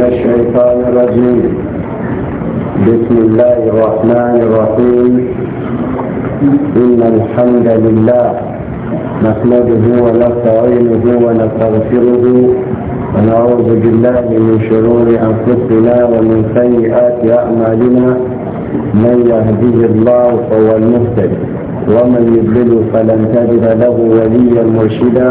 من الشيطان الرجيم بسم الله الرحمن الرحيم إن الحمد لله نحمده ونستعينه ونستغفره ونعوذ بالله من شرور أنفسنا ومن سيئات أعمالنا من يهده الله فهو المهتد ومن يضلل فلن تجد له وليا مرشدا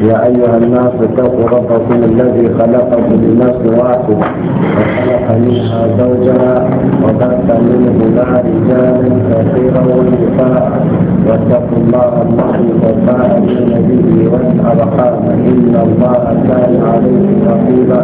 يا أيها الناس اتقوا ربكم الذي خلقكم من نفس واحدة وخلق منها زوجها وبث منهما رجالا كثيرا ونساء واتقوا الله الذي تساءلون به والأرحام إن الله كان عليكم رقيبا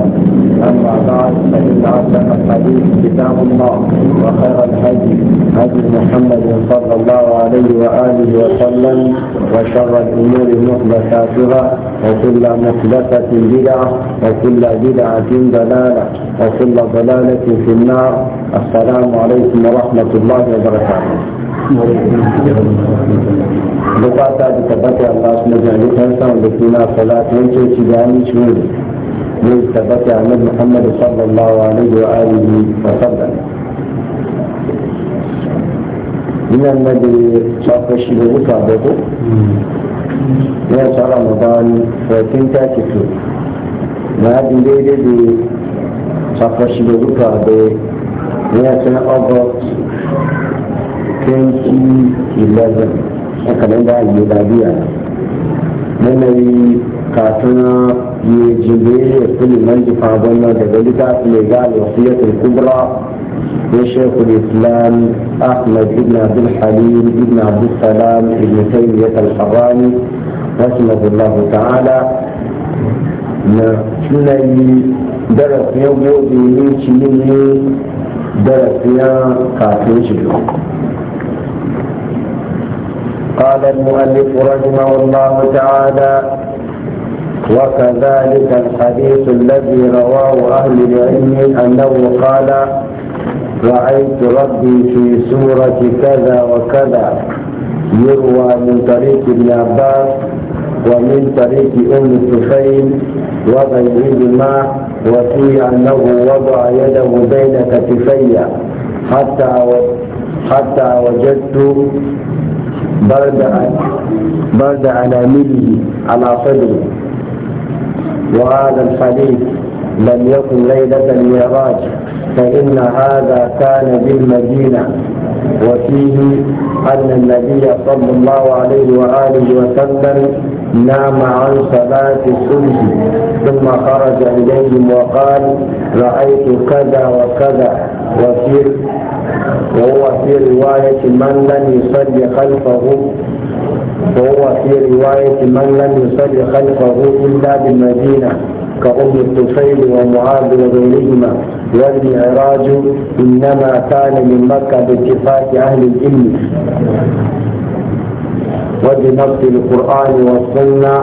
أما بعد فإن أصدق الحديث كتاب الله وخير الهدي هدي محمد صلى الله عليه وآله وسلم وشر الأمور محدثاتها وكل محدثة بدعة وكل بدعة ضلالة وكل ضلالة في النار السلام عليكم ورحمة الله وبركاته bukata da tabbata Allah su na jami kan san da suna salat wance ci da ni ci ne ne tabbata Annabi Muhammad sallallahu alaihi wa sallam ina na da shi da uka wata ramadan 1432 na haɗin daidai da safashi da zuka da watan august 2011 a kalenda miladiya na mai كاتنا يجبيه كل من جفاضنا كذلك لقال وصية الكبرى لشيخ الإسلام أحمد بن عبد الحليم بن عبد السلام بن تيمية الحراني رحمه الله تعالى نحن درس يوم يوم يوم درس يوم كاتوشي قال المؤلف رحمه الله تعالى وكذلك الحديث الذي رواه أهل العلم أنه قال رأيت ربي في سورة كذا وكذا يروى من طريق ابن عباس ومن طريق أم الطفيل وغيرهما وفي أنه وضع يده بين كتفي حتى حتى وجدت برد برد على مله على صدره وهذا الحديث لم يكن ليلة المعراج فإن هذا كان بالمدينة وفيه أن النبي صلى الله عليه وآله وسلم نام عن صلاة الصبح ثم خرج إليهم وقال رأيت كذا وكذا وفي وهو في رواية من لم يصلي خلفه وهو في رواية من لم يصل خلفه إلا بالمدينة كأم الطفيل ومعاذ وغيرهما والمعراج إنما كان من مكة باتفاق أهل العلم وبنص القرآن والسنة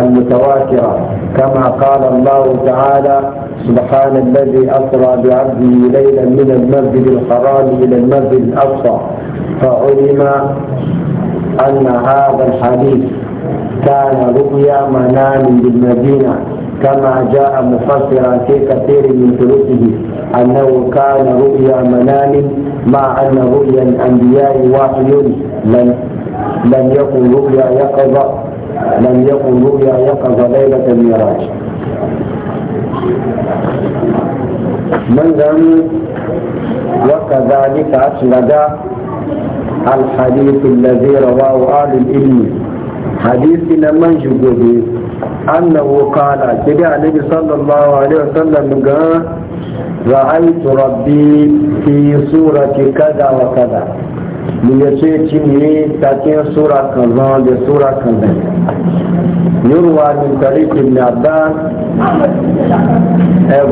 المتواترة كما قال الله تعالى سبحان الذي أسرى بعبده ليلا من المسجد الحرام إلى المسجد الأقصى فعلم أن هذا الحديث كان رؤيا منام بالمدينة كما جاء مفسرا في كثير من ثلثه أنه كان رؤيا منام مع أن رؤيا الأنبياء وحي لم لم يكن رؤيا يقظة لم يكن رؤيا يقظة ليلة الميراج من وكذلك أسند الحديث الذي رواه آل الإبن حديث لمن جبه أنه قال كده النبي صلى الله عليه وسلم قال رأيت ربي في سورة كذا وكذا من ليتيتني تاتين سورة كذا لسورة كذا يروى من طريق ابن عباس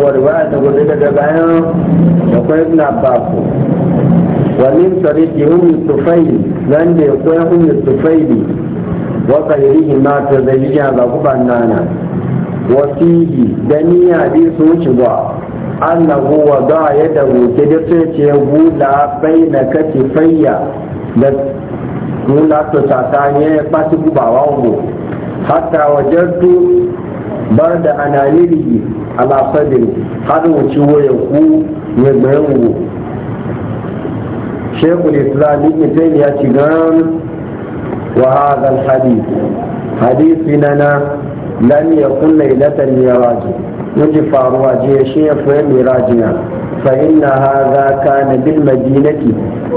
ورواية أقول لك أبو وقال ابن عباس ومن طريق أم الطفيل لن يكون أم الطفيل ما تزيج على غبنانا وفيه دنيا دي سوشبا أنه وضع يده كدفت يقول بين كتفي لولا تساتانية فاتبوا بعوضه حتى وجدت برد أنانيري على صدري هذا وشوه يقول يبهوه شيخ الإسلام ابن تيمية شجان وهذا الحديث حديث اننا لم يكن ليلة الميراج نجف أرواجه شيخ ميراجنا فإن هذا كان بالمدينة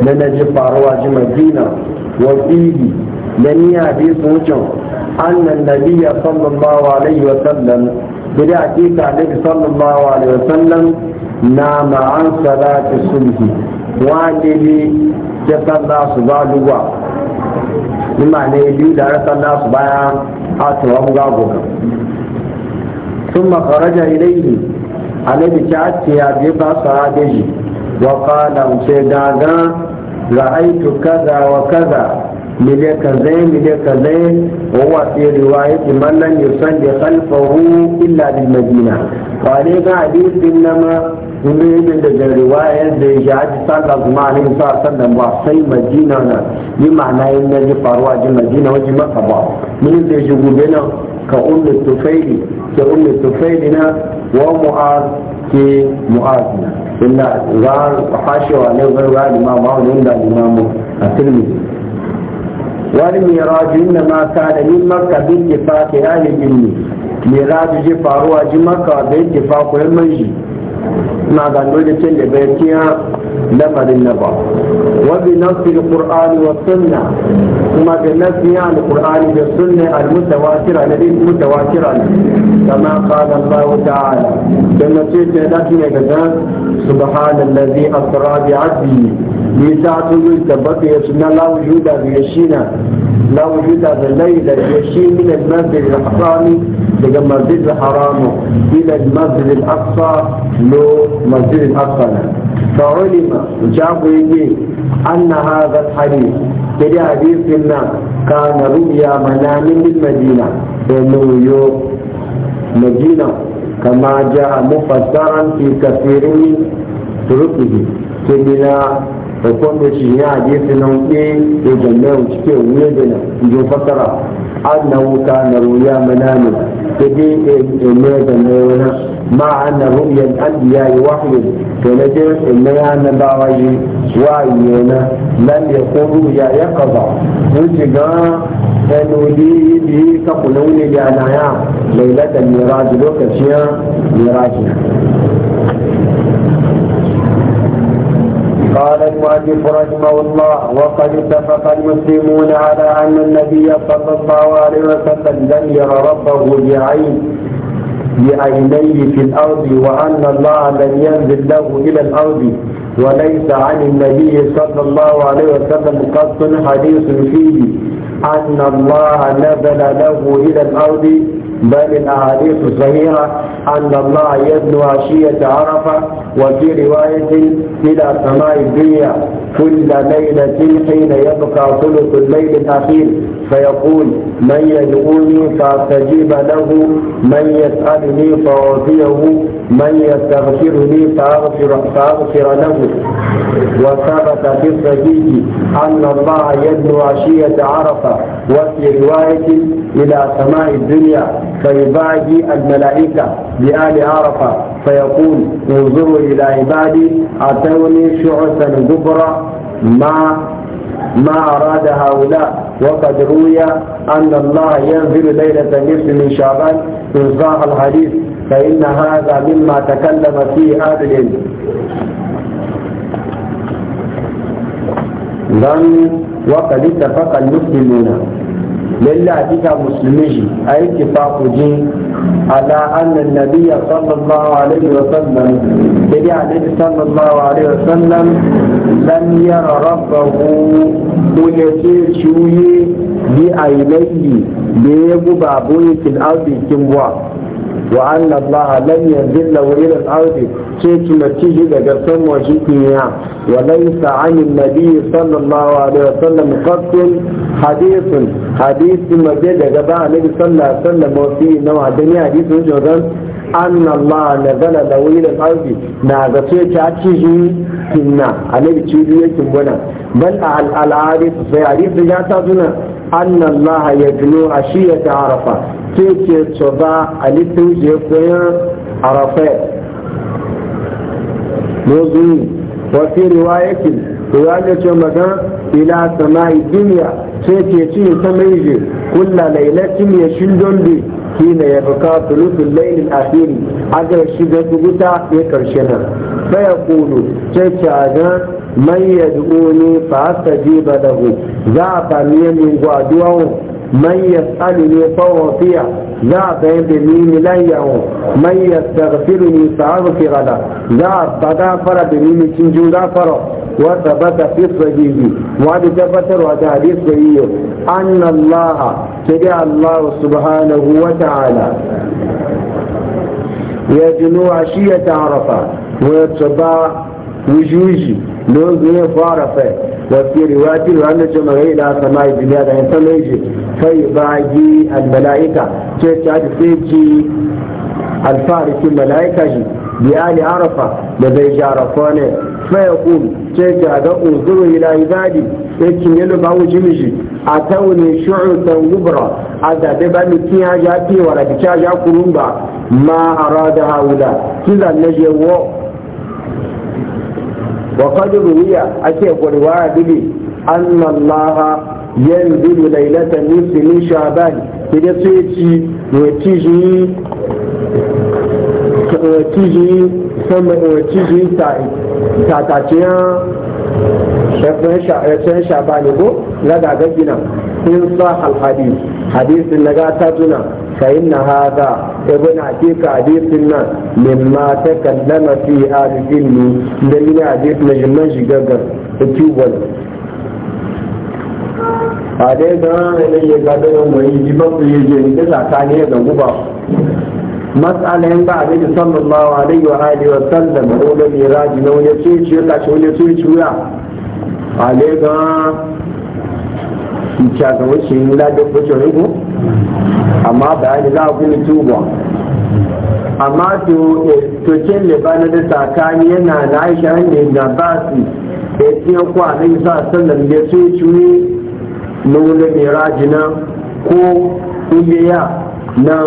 لنجف أرواج مدينة وفيه لن يحديث وجه أن النبي صلى الله عليه وسلم بدأ عليه صلى الله عليه وسلم نام عن صلاة الصبح wani ne ya sanda su ba duba nima ne biyu da ya sanda su baya a tuwa gago. goga sun makaraja ilaihi a na ta ce ya biyu ba su shi wa kala ce gaga ra'aitu kaza wa kaza mile kazai mile kazai wa wa fi riwayati man ya yusalli khalfahu illa bil madina ne ga hadisin nama domin daga riwayar da ya haji sallah kuma a nemi sa sallan ba sai madina na yi ma'ana yin na ji faruwa ji madina wajen maka ba mun da ya gobe nan ka umar tufaili ke umar tufaili na wa mu'az ke mu'az na inda za a hashewa ne zarra limamu a wani inda limamu a tilmi والميراج إنما كان من مكة باتفاق أهل العلم ميراج جفار وجمكة باتفاق المنجي ma ga noje ce da bai tiya lamarin na ba wa bi nafsi alqur'ani wa sunna kuma ga nafsi alqur'ani da sunna almutawatira da din mutawatira kama qala Allah ta'ala dan ce ce da kine ga da subhanallazi asra bi 'abdi bi ta'tu bi tabati sunna la wujuda bi yashina لا وجود الليل يشيء من المسجد الحرام إلى المسجد الحرام إلى المسجد الأقصى لو مسجد الأقصى فعلم يجي أن هذا الحديث تري حديث لنا كان رؤيا منام بالمدينة يوم مدينة كما جاء مفسرا في كثير من طرقه كمنا وكون بشيء حديث نوعي يجمع وشكي ويدنا يجو فترة أنه كان رؤيا منام تدي إميدا نيونا مع أن رؤيا الأنبياء وحي فلدي إميا نباوي وعيونا لم يكون رؤيا يقظة وشكا فنولي به كقلوني بأنايا ليلة الميراج لوكشيا ميراجنا قال المؤلف رحمه الله وقد اتفق المسلمون على أن النبي صلى الله عليه وسلم لم ير ربه بعين بعينيه في الأرض وأن الله لم ينزل له إلى الأرض وليس عن النبي صلى الله عليه وسلم قط حديث فيه أن الله نزل له إلى الأرض بل الأحاديث الصحيحة أن الله يدنو عشية عرفة وفي رواية إلى سماء الدنيا كل ليلة حين يبقى ثلث الليل الأخير فيقول من يدعوني فأستجيب له من يسألني فأعطيه من يستغفرني فأغفر, فأغفر له وثبت في الصحيح أن الله يدنو عشية عرفة وفي رواية إلى سماء الدنيا فيباهي الملائكة بآل عرفة فيقول انظروا إلى عبادي أتوني شعثا كبرى ما ما أراد هؤلاء وقد روي أن الله ينزل ليلة النصف من شعبان إنصاح الحديث فإن هذا مما تكلم فيه أهل العلم وقد اتفق المسلمون لله حقيقة مسلمي أي اتفاق جين على أن النبي صلى الله عليه وسلم إلي عليه صلى الله عليه وسلم لم يرى ربه ولكن شوي بأينيه بيبو بابوي في الأرض كموا وأن الله لن ينزل له إلى الأرض شيء نتيجة لقسم وشكيا وليس عن النبي صلى الله عليه وسلم قط حديث حديث مجد جبع النبي صلى الله عليه وسلم وفيه نوع دنيا حديث وجودا أن الله نزل له إلى الأرض ما شيء تأتيه كنا عليه تشيليه كنا بل على العارف في عارف جاتا أن الله يبنو عشية عرفة تيكي تصدع ألتو جيكوين عرفة موضوعين وفي رواية رواية مكان إلى سماء الدنيا تيكي تيكي سميجي كل ليلة يشندون بي tina ya buka mutu laifin a biyar a ga shi gansu ya karshe na baya kono canza manya da oni ba su ta za a faru yin inguwa من يسألني فوفيع ذا بمين ليه من يستغفرني فأغفر له ذا فغفر بمين تنجو غفر وثبت في الصحيح وعد ثبت وعد حديث صحيح أن الله تدع الله سبحانه وتعالى يجنو عشية عرفة ويتصبع وجوجي don zai fara fai wasu riwaji da wanda ce mai da sama yi duniya da yansa mai ji fai bagi al-mala'ika ce ta da sai ji alfaharikin mala'ika shi biyali arafa da zai ji arafa ne fai ya kum ce ta ga uzuru ila ibadi ya kinye lubar wujin shi a tauni shu'utan gubra a zaɓe ba mutum ya ja fiye wa rakica ja kurumba ma a rada haula kizan na jewo waƙar duhu miya ake gwani a al an al-malla yan biyu da laida da ninsa nisha bani da ci wani cizu da cizu ta tatayi da fensha bani da ɗan zazzaɓi nan kuma ba al'adu hadisi da zan ta ابن عتيق حديثنا مما تكلم في هذا العلم دليل حديث نجمج جبر تيوبل ade ga ne ya ga da mu yi ba ku yi je ne ta ne da guba mas'alan ba da sallallahu alaihi wa alihi wa sallam ko da miraji na wani ce ce ta ce wani ce ce ya ale ga ki ta ga wani shi la da ku ce ko amma bayani za a kuma tuba amma to eh, kin libana da tsakani yana na aisha ne da ba su da ya kwa na isa sallam ya su cuyi na wani miraji na ko ya na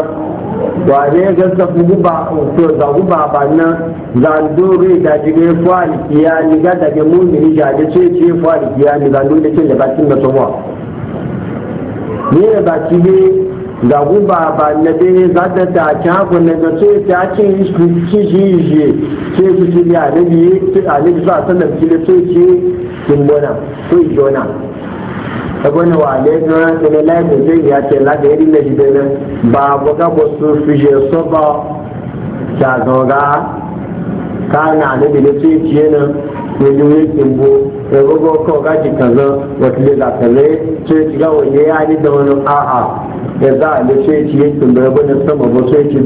ba ne ga zafi a to da guba ba na zandore da jirai fari kiya ni ga daga mun ni ja da ce ce fari kiya ni zandore da libatin da tsohuwa ne ba ki ne ga guba ba na dare za ta ta kyafu na ga so ta ci shi shi shi ce su ci ne a alibi alibi za ta da kile sai ce kimbona yi jona abin wa ne jona ga ne laifin zai ya ce la da yadda na shi dai ba ba ga ba su fi je so ba ta zoga ka na alibi ne sai ce nan wani yankin bu ya gogo ko gaji kaza wata da kaza ce ci ga wani ya yi da wani a'a ya za a da ce ci yankin bu ya bane sama ba ci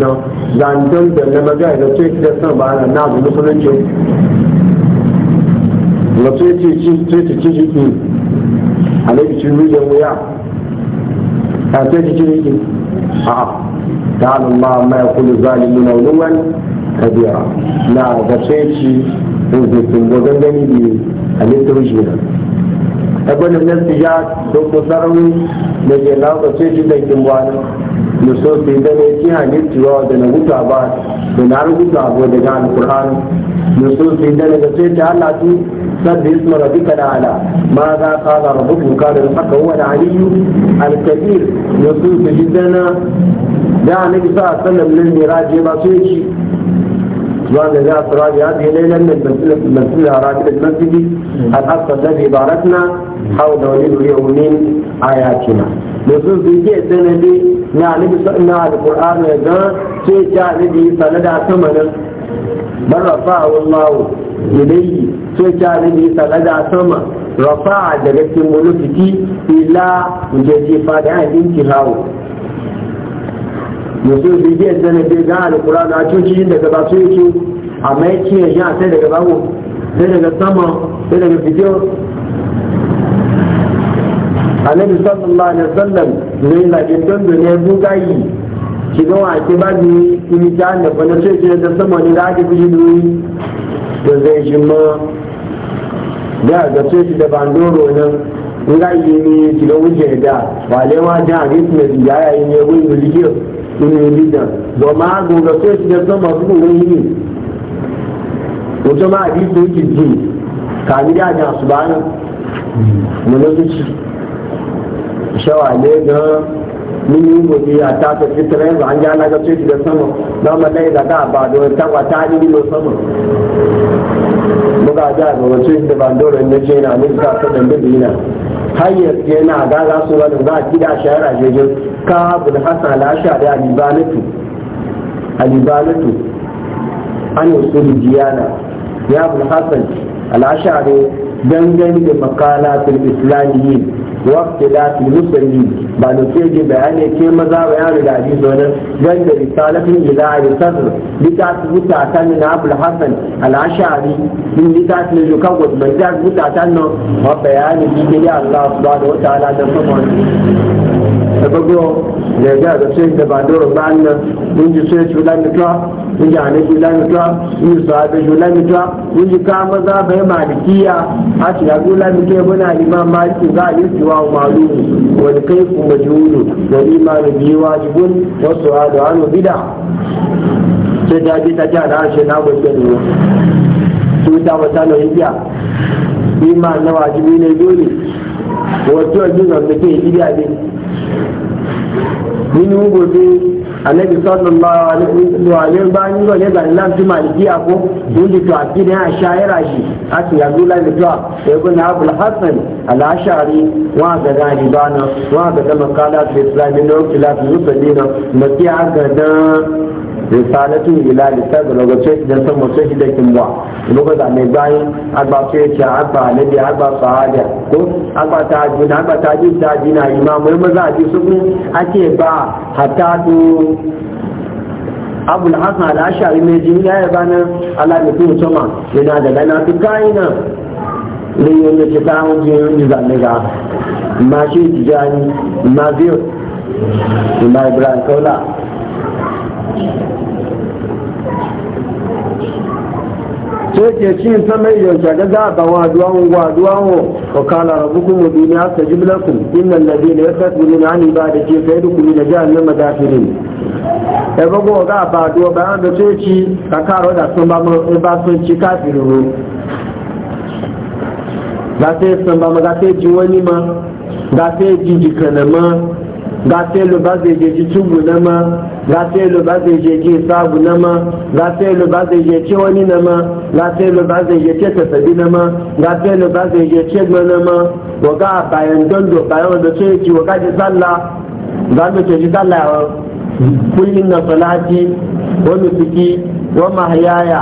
zantar da na maga da ce ci da sama ba na na zuwa ba ci ci ci ci a lokacin rijiyar wuya a ci ci a'a ma ya kulu kabira na da ce ci sun gogon gani biyu a littar jina abin da nasu ya dokto sarari da ke laukace shi da kin wani da so su yi gane ki halittuwa da na huta ba da na rubuta abu daga alkur'ani da so su yi gane da sai ta Allah tu sabbi isma rabbika ala ma za ka da rubutu ka da haka huwa aliyu al-kabir da so su yi gane da annabi sallallahu alaihi wasallam ne raje ba so yake zuwa ga za a tsirage ya zai lailan da mantu da haraki da masjidi a kasar da bai barat na hau da wani duri a wunin a yaki na musu zuke sanadi na alibi sa'ina a da ƙur'an ya zan ce ta alibi sanada a sama nan barrafa a wani mawu ilayi ce ta alibi sanada a sama rafa daga cikin mulukiki ila jajjefa da yan dinki hawo yanzu da yi zane bai ga alkura na cuciyin daga ba su yake amma ya ce a sai daga babu sai daga sama sai daga fito sassan ba alaihi wasallam ne yi ke don da ne bugayi ki ga wa ke ba ni ni ta da bana sai ke da sama ne da ake da duyi da zai shi ma da ga sai da bandoro nan ngayi ne ki ga wuce da walewa da yayin ne ya yayin ne wani nínú dídà bọ̀má gbogbo tó ti dẹ́ sọ́mọ̀ fún òun yìí òjò máa dín tó ti dì kàmídé àjà àṣùbá náà mo lọ́sọ̀tì ìṣẹ́wà lé gan-an mun yi gobe a ta ta fitira yanzu an ja na ga sai da sama na mallai da da ba don ta wa ta ni no sama muka ja ga wace da ban dole ne ce na mun ka ta dan bidina hayyar yana ga za su wani ba gida shahara jejin ka bul hasan la sha da alibanatu alibanatu an usul diyana ya bul hasan al'ashari dangane da makalatul islamiyyin wakti da musulmi ba da ke ji bayani ke maza bayan da abi zonin gan da risalatin ila ali sadr bita su buta ta ni na abul hasan al-ashari in bita su ju kan gudu ban da buta ta no ba bayani ji ya Allah subhanahu wa ta'ala da kuma sabago da ya ga sai da ba doro ba nan mun ji sai jula mitwa mun ji hanafi jula mitwa mun ji mun ji kama za bai malikiya a ci ya jula mitwa muna liman maliki za a yi tiwa wa malu wani kai biyu wasu bida sai ta ji ta da harshe na wata biya wajibi ne dole wọ́n tí ọdún náà pé kí èyí annabi sallallahu alaihi wa alihi ba ni wale ga nan ji maliki ako mun ji to ne a shayara shi a ce ya zula da to ko na abul hasan al-ashari wa ga na wa ga da makalat islamin da khilaf musulmina makiya ga da risalatu ila lisabi lokaci da san mutum shi da kimba lokaci da mai bayan agba ce ce agba alabi agba sahada ko agba ta jina agba ta jin ta jina imamu ya maza a ji su kun ake ba hatta to ko abu da hasan al'ashari mai jini ya yaba nan ala da kuma sama yana da lana fi kayi nan ne yadda ke kawo jiyoyin da zane ga ma shi tijani ma biyu ma ibrahim kaula sai ci sama yau shaga za a bawa duwawun gwa duwawun wa kala rabbukum wa duniya ta ku ya ne jiblakum innal ladina yastakbiruna an ibadati fa yadkhuluna jahannama madafirin ẹgbogbo ọ̀gá àbàdó ọba ẹ̀rọ tó èkì kàkàrọ̀ ìbá tó ń kí káàkiri ro gàtẹ́ sọmbàmọ́ gàtẹ́ jí wọ́n ní ma gàtẹ́ jí ma gàtẹ́ ló bá zèjì jí túbù náà ma gàtẹ́ ló bá zèjì jí ìsáàbù náà ma gàtẹ́ ló bá zèjì tí wọ́n ní náà ma gàtẹ́ ló bá zèjì tí ẹ̀tẹ̀tẹ̀ ma gàtẹ́ ló bá zèjì tí ẹgbẹ́ náà ma wọ́gá tó èkì قل إن صلاتي ونسكي ومحياي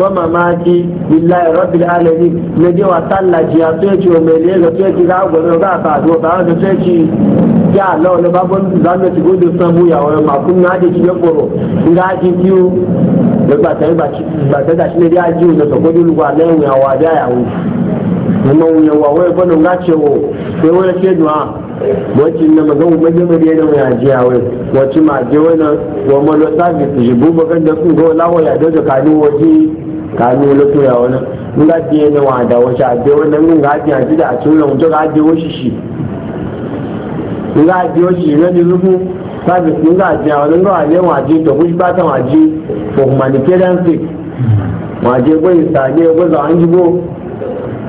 ومماتي لله رب العالمين نجي وصلى جي أتوتي ومليه أتوتي غاوة وغاوة وغاوة أتوتي ya Allah wani babban za mu ci gudu san buya wani makon na da cikin koro in ga ajin biyu da ba tare ba ta da shi ne ya ji da sako da lugwa na amma wuyan wa wai bano nga ce sai wani ke duwa wacce na magana maje maje da mu yaji wai wacce ma je wani wa malo sabi su shi buba kan da sun ga lawa ya da kanu waje kanu la to ya wani nga je na wa da wace a je wani nga je a ji da a tura mutum ga je washi shi nga je washi ne ni rufu sabi su nga je a wani nga wa wa je to kushi ba ta wa je for humanitarian sake wa je gwai sage gwai za an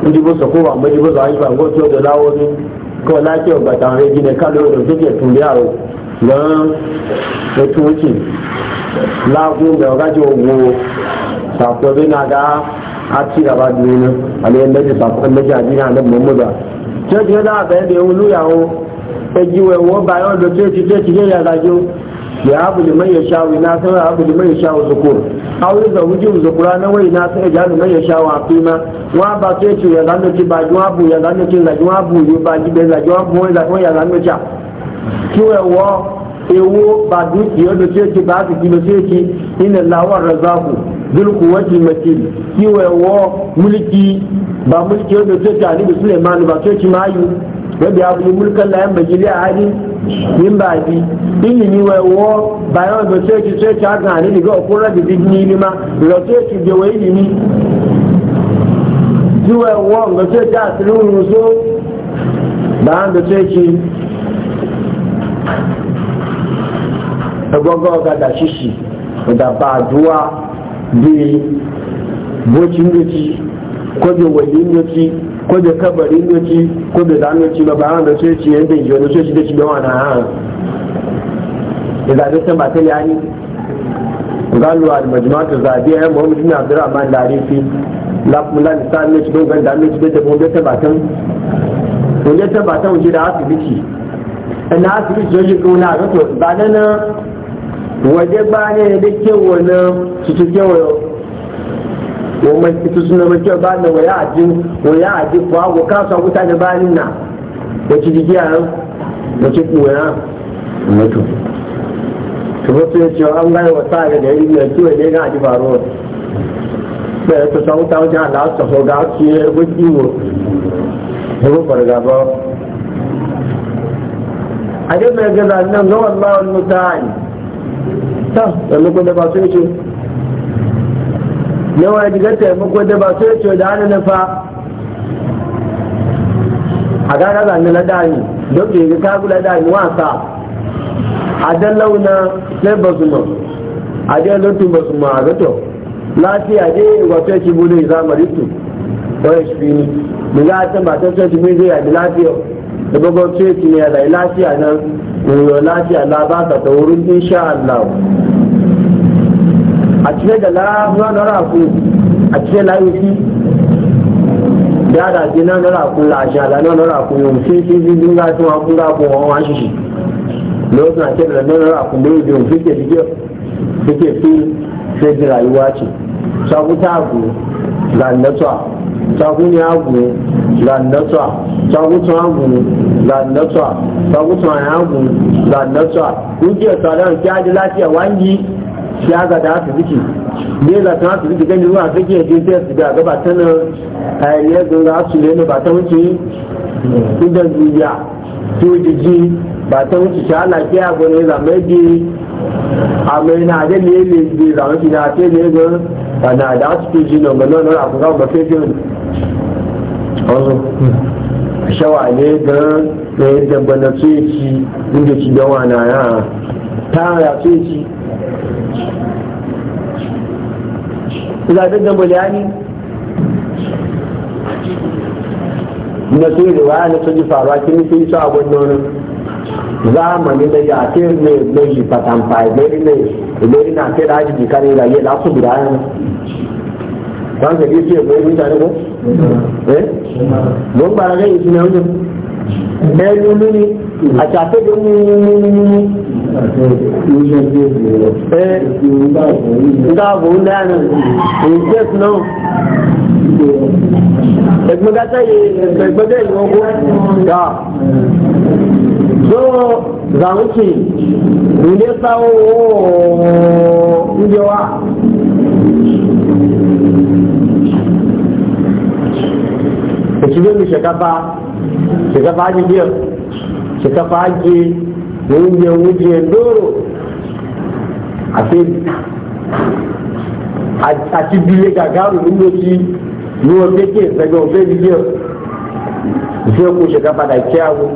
mujibu ko mujibu zaifa ngo tí o dọ̀ láwọ́ ní kọ́ láti a rẹ̀ jí ní kálí ọ̀rọ̀ tó ti ẹ̀tún bí àrò gan ètò ìtì láàbù mẹ́ọ̀gájì owó sàkó bí náà dá àti ìràbà dùn ní àlẹ́ ẹ̀mẹ́jì sàkó ẹ̀mẹ́jì àdínà àlẹ́ mọ́mọ́dà tí ó ti dá àbẹ́ ẹ̀dẹ̀ olúyàwó ẹjì ẹ̀wọ́ báyọ̀ ọ̀dọ̀ ya ó ti tẹ́ ti lé ya shawo yàrá àbùdìmọ́ yẹ̀ṣáwì náà sọ́rọ̀ ya shawo sọ́kòrò aure da wuji da qur'ana wai na sai ya ne mai shawa fi ma wa ba sai ce ya zanu ci ba juwa bu ya zanu ci la juwa bu yo ba ji be la juwa bu ya ko ya zanu cha ki wa wo ewo ba du ki yo do ce ba ki do ce ki inna lawar razaku dul quwwati matin ki wa wo mulki ba mulki yo do ce ta ni bi suleiman ba ce ki mayu wanda ya fi mulkan da yan bagi a hali yin ba bi ilimi wa wo bayan da sai ki sai ki haka hali daga okura da bigni ni ma da sai ki je ilimi ji wa wo da sai ki asirin ruso bayan da sai ki agogo ga da shishi da ba duwa bi bocin gaci ko da wayin ko da kabari noci ko da zanoci ba ba da sai ci yanda yi wani sai ci da ci da wani ha da zaɓe san ba ta yani galu al-majmu'atu zabiya Muhammad ibn Abdurrahman Larifi ni sai ne ci cikin ganda ne ci da gobe ta batan gobe ta batan wuce da haka biki asibiti na asibiti yau ko na ga to ba na waje ba ne da kewa na cikin kewayo ومن تسنى من كيو بعد ويعجب ويعجب فهو كاسا وتانا بالنا وتجيجي أنا وتجيجي أنا mutu kuma su ce an gaya wa sa ga gari mai ciwo ne ga ji faruwa da ya tusa wuta wajen Allah su so ga su yi gudu wo da ku farga ba a dai gaza nan ga wani mutane ta da lokacin da ba su yi yawa jiga taimako da ba sai ce da hannun nufa a gana na dani don ke ga kagula dani wasa a dan launa sai ba su ma a dan lantin ba su ma a gato lafiya dai wato ya ci bude zama ritu don wani shi ni daga ta ba ta sai ci bude ya bi lafiya da babban sai ci ne ya zai lafiya nan yau lafiya na ba ta ta wurin insha Allah a da lafiya na náà a àkú àtúnṣe ya da ke ti náà lọ́rọ̀ a làṣà àlá náà lọ́rọ̀ àkú yòó sai sai sí sí ńlá tí wọ́n kú ńlá kú wọn wá zai lọ́sùn àti ẹ̀rọ náà lọ́rọ̀ àkú lórí ìdíwọ̀n fíkè fíkè fíkè fí fẹ́ẹ́ rayuwa ce a àgù làǹdẹ́tọ̀ sakuni àgù làǹdẹ́tọ̀ sakutun àgù làǹdẹ́tọ̀ sakutun àyàgù làǹdẹ́tọ̀ wíjì ẹ̀sọ̀ àdáhùn kí á di láti ẹ̀wá lafiya wangi ya ga da asibiti ne za ta asibiti gani ruwa take yaje sai su ga gaba ta nan ayyar da za su lena ba ta wuce idan zuya to jiji ba ta wuce sha lafiya ko ne za mai bi a mai na da ne ne bi za mu na ce ne ga na da asibiti ji nan ba nan a kuka ba sai kin shawa ne ga ne da bana su yi ci inda ci dawa na ya ta ya ce shi zaɓen da bayani na su yi da waya na sun soji faruwa kin sai su abun nonon zamani na ya ce ne na yi fatan fai faibari ne ilori na ce da haji kare da yi lasu guda ya ne ban ka ce bai mutane ko eh don ba na gani su ne wajen ɗaya eh, ne a shafe da mu Ìdáàbò ń dáná, èyí jẹ́ náà. wunye wuje doro àti bílé gàgáàrù nínú tí ní wọn pé kí ìsẹgbẹ òfé nílé ọ ìfẹ́ kò ṣẹ̀ka padà kí àwọn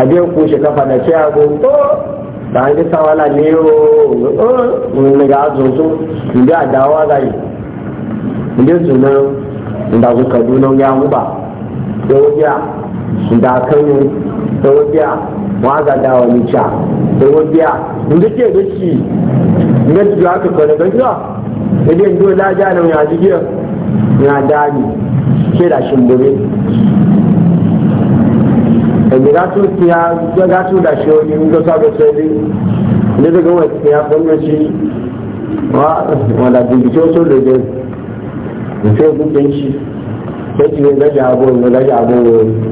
àbí ẹ̀kú ṣẹ̀ka padà kí àwọn ó tàà ń dísá wàhálà ní ó nìgbà àtúntún ìdí àdá wàhálà yìí ìdí ìtùnú ìdàgbù kàdúnà ń yá ń bà tó ó jẹ́ da kanu da wajiya wa ga dawa ni cha da wabiya inda ke da shi inda ji haka ko da gajiya idan do dole ja nan ya ji giya ya dani ke da shin gobe da ga su tiya da ga su da shi wani inda sa ga sai ne daga wani tiya shi wa wala bincike wasu da zai mutum ya gudanci sai ci ne gaji abuwa ne gaji abuwa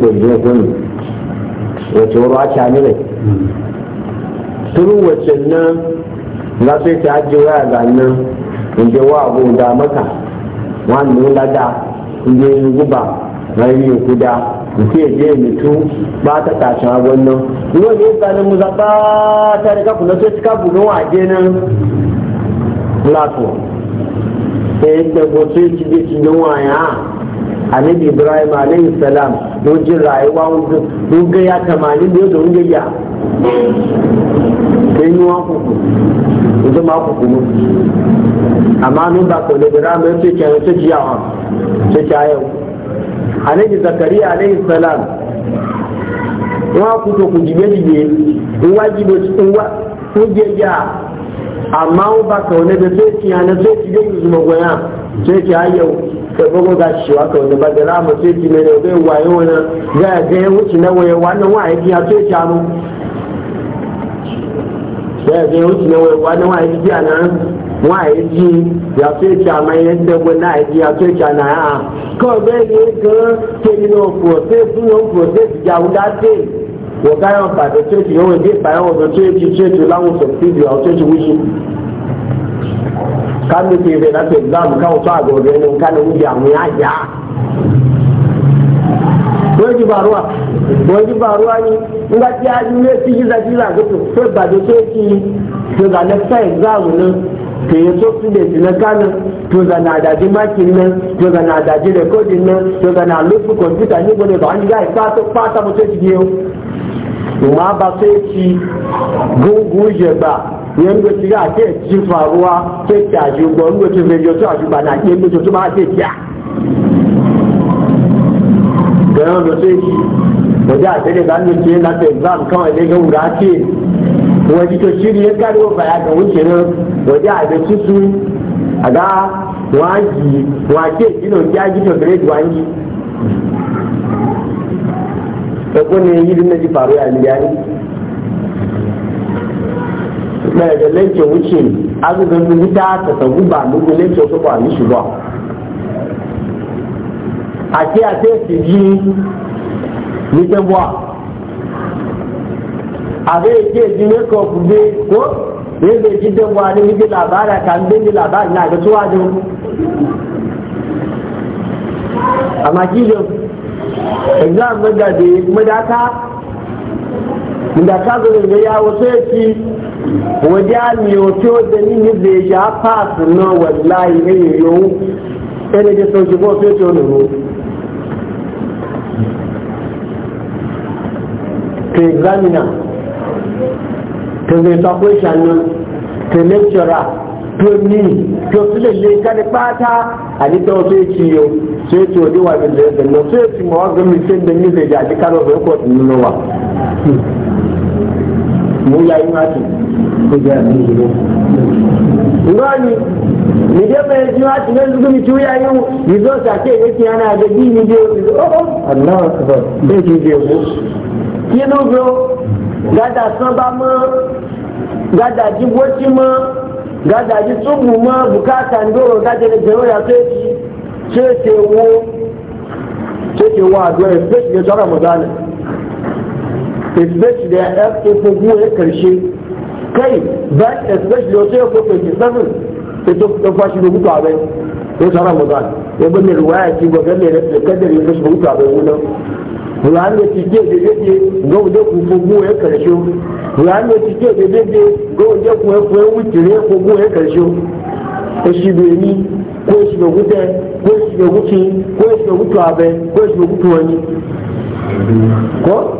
tẹ̀lé wace wacce wani wacce hannunai turu wacce nan za su ta ajiye waya ga nan inda wa abu da maka wani nuna da inda yi guba rayu kuda nke je mutu ba ta tashi a wannan ruwan ne tsanin mu zaɓa ta daga kuna sai cika bugan waje nan plato eh, sai da gosu ya ci je cikin waya annabi ibrahim alayhi salam don jin rayuwa don gaya tamanin da don gaya sai yi wa ku yanzu ma ku kuma amma nun ba ko da ibrahim ya ce kenan ta ce ta jayau annabi zakariya alayhi salam wa to ku jibe jibe in wajibi in wa ku gaya amma ba ka wani da sai ciyana sai ci zai zuma goya sai ci ayau. da bugu ga shi wa kawai ba da ramu sai ki mai da waye wani ga ga ya wuce na waye wannan waye ki ya ce ta mu ga ga ya wuce na waye wannan waye ki ya nan waye ji ya ce ta mai yadda wani waye ki ya ce ta na a kawai bai ne ga ke ni no process no process ya wuda ce wọ́n gáyọ̀ pàdé ṣéèkì yóò wẹ̀ bí ìpàyẹ̀wò tó ṣéèkì ṣéèkì láwọn sọ̀tìdì àwọn ṣéèkì wíṣù kánú ti rẹ̀ láti exam káwọn tó àgọ̀ rẹ̀ ní kánú oúnjẹ ya ya? wọ́n ti bàrúwà wọ́n ti bàrúwà ni nígbà tí a ní ilé tí jíjà jíjà tó fẹ́ gbàdúrà tó ti tó na lẹ́fẹ́ exam náà. ke ya so su na kanu to ga na daji makin nan to ga na daji rekodin nan to ga na lufu kwamfuta ni ne ba an ga fata e fata mutum ci biyo e ma ba sai ci gungun ba yẹn ló ti rí àti ẹ̀jí faruwa kéèkì àjùgbọ̀ ń lòtí rédíò tó àjùgbà náà kí ẹni tó bá ṣe kíá. gẹ̀rọ ló ṣe kí ọjà àtẹ́lẹ̀ bá ń lò ṣe láti exam kan ẹ̀lẹ́gẹ̀ wùrà kí ẹ̀. wọ́n ti tó ṣírí yẹn kárí wọ́n fàyà kan wíṣẹ́ náà ọjà àbẹ̀ tútù àgá wọn á yí wọn àti èyí náà kí á tó bẹ̀rẹ̀ wá yí. ẹ̀kọ́ ni yíyí méjì faruwa ìlú mai da lanke wuce azugan wuta ta sabu ba mugu lanke su ba mishi ba a ce a sai su ji nike buwa a ji ne ko kube ko ne ji labara ka labara na ga tuwa exam da da da ka zo da ya wato ki wajen mi da ni ni da ya pass no wallahi ne yo ene da sauki ko sai to no ke examiner ke zai ta ko shanan ke lecturer to ni to sile le ka ni pata ani to sai ki yo sai to di wa da da no sai ti mo ga mi sai da ni da ya ji karo ko no wa múlá imáàtì tó jẹ́ àmì ìlú. Ìwọ́ni, ìdẹ́fẹ́ tí wọ́n ti lẹ́nu gbẹ́mi tí ó yá yóò ìzọ́ sàkè èyí ti hàn àgbẹ̀ bí ìní bí ó ọ́ àná ọ̀sọ̀ bí ti di èwo. Kí ló gbó? Gádà sán bá mọ́, gádà jí wọ́tí mọ́, gádà jí túbù mọ́, bùkátà ń dòrò gádà lè jẹun yàtọ̀ èyí. Ṣé ètè wo? Ṣé ètè wo àdúrà ẹ̀ especially a ya tsofin guwa ya karshe kai back especially wasu ya kofa ke samun ya ta fashi da mutu abai ya tsara mazan ya bane ruwaya ci ba gane da kadar ya fashi da mutu abai ruwan da ci ke daidai ga wajen kufu guwa ya karshe ruwan da ci ke daidai ga wajen kufu ya wuce ko kogo ya karshe ya shi ni ko shi da wuce ko shi da wuce ko shi da ko shi da wuce wani ko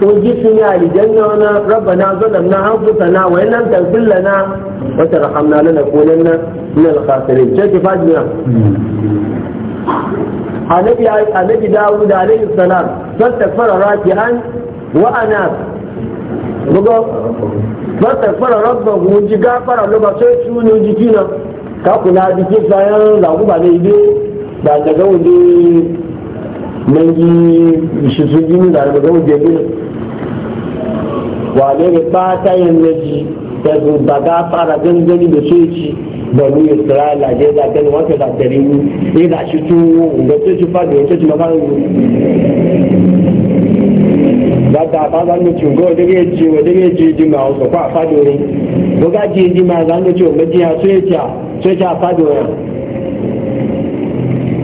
sun yi rabba na, na, ko na, ya aljanna wana rabbana zalamna anfusana wa in lam taghfir lana ko nan na, min al-khasirin ce ki fadiya annabi annabi dawud alayhi salam fa takfara rafi'an wa ana rubo fa takfara rabbahu ji gafara lo ba sai tuni ji kina ka kula dikin sayan da ku ba ne ide da daga wani nangi shi su jini da daga wajen wane ne ba ta yin naji da ba ga fara gangani da su da yi da je da wata da tare ne da shi tu da su ci fadi wata ci maka yi da ta ba za mu ci go da ya wa da ya ma wasu kwa fadi ne ko ga ji ji za mu ci wa ji ya so ya so fadi wa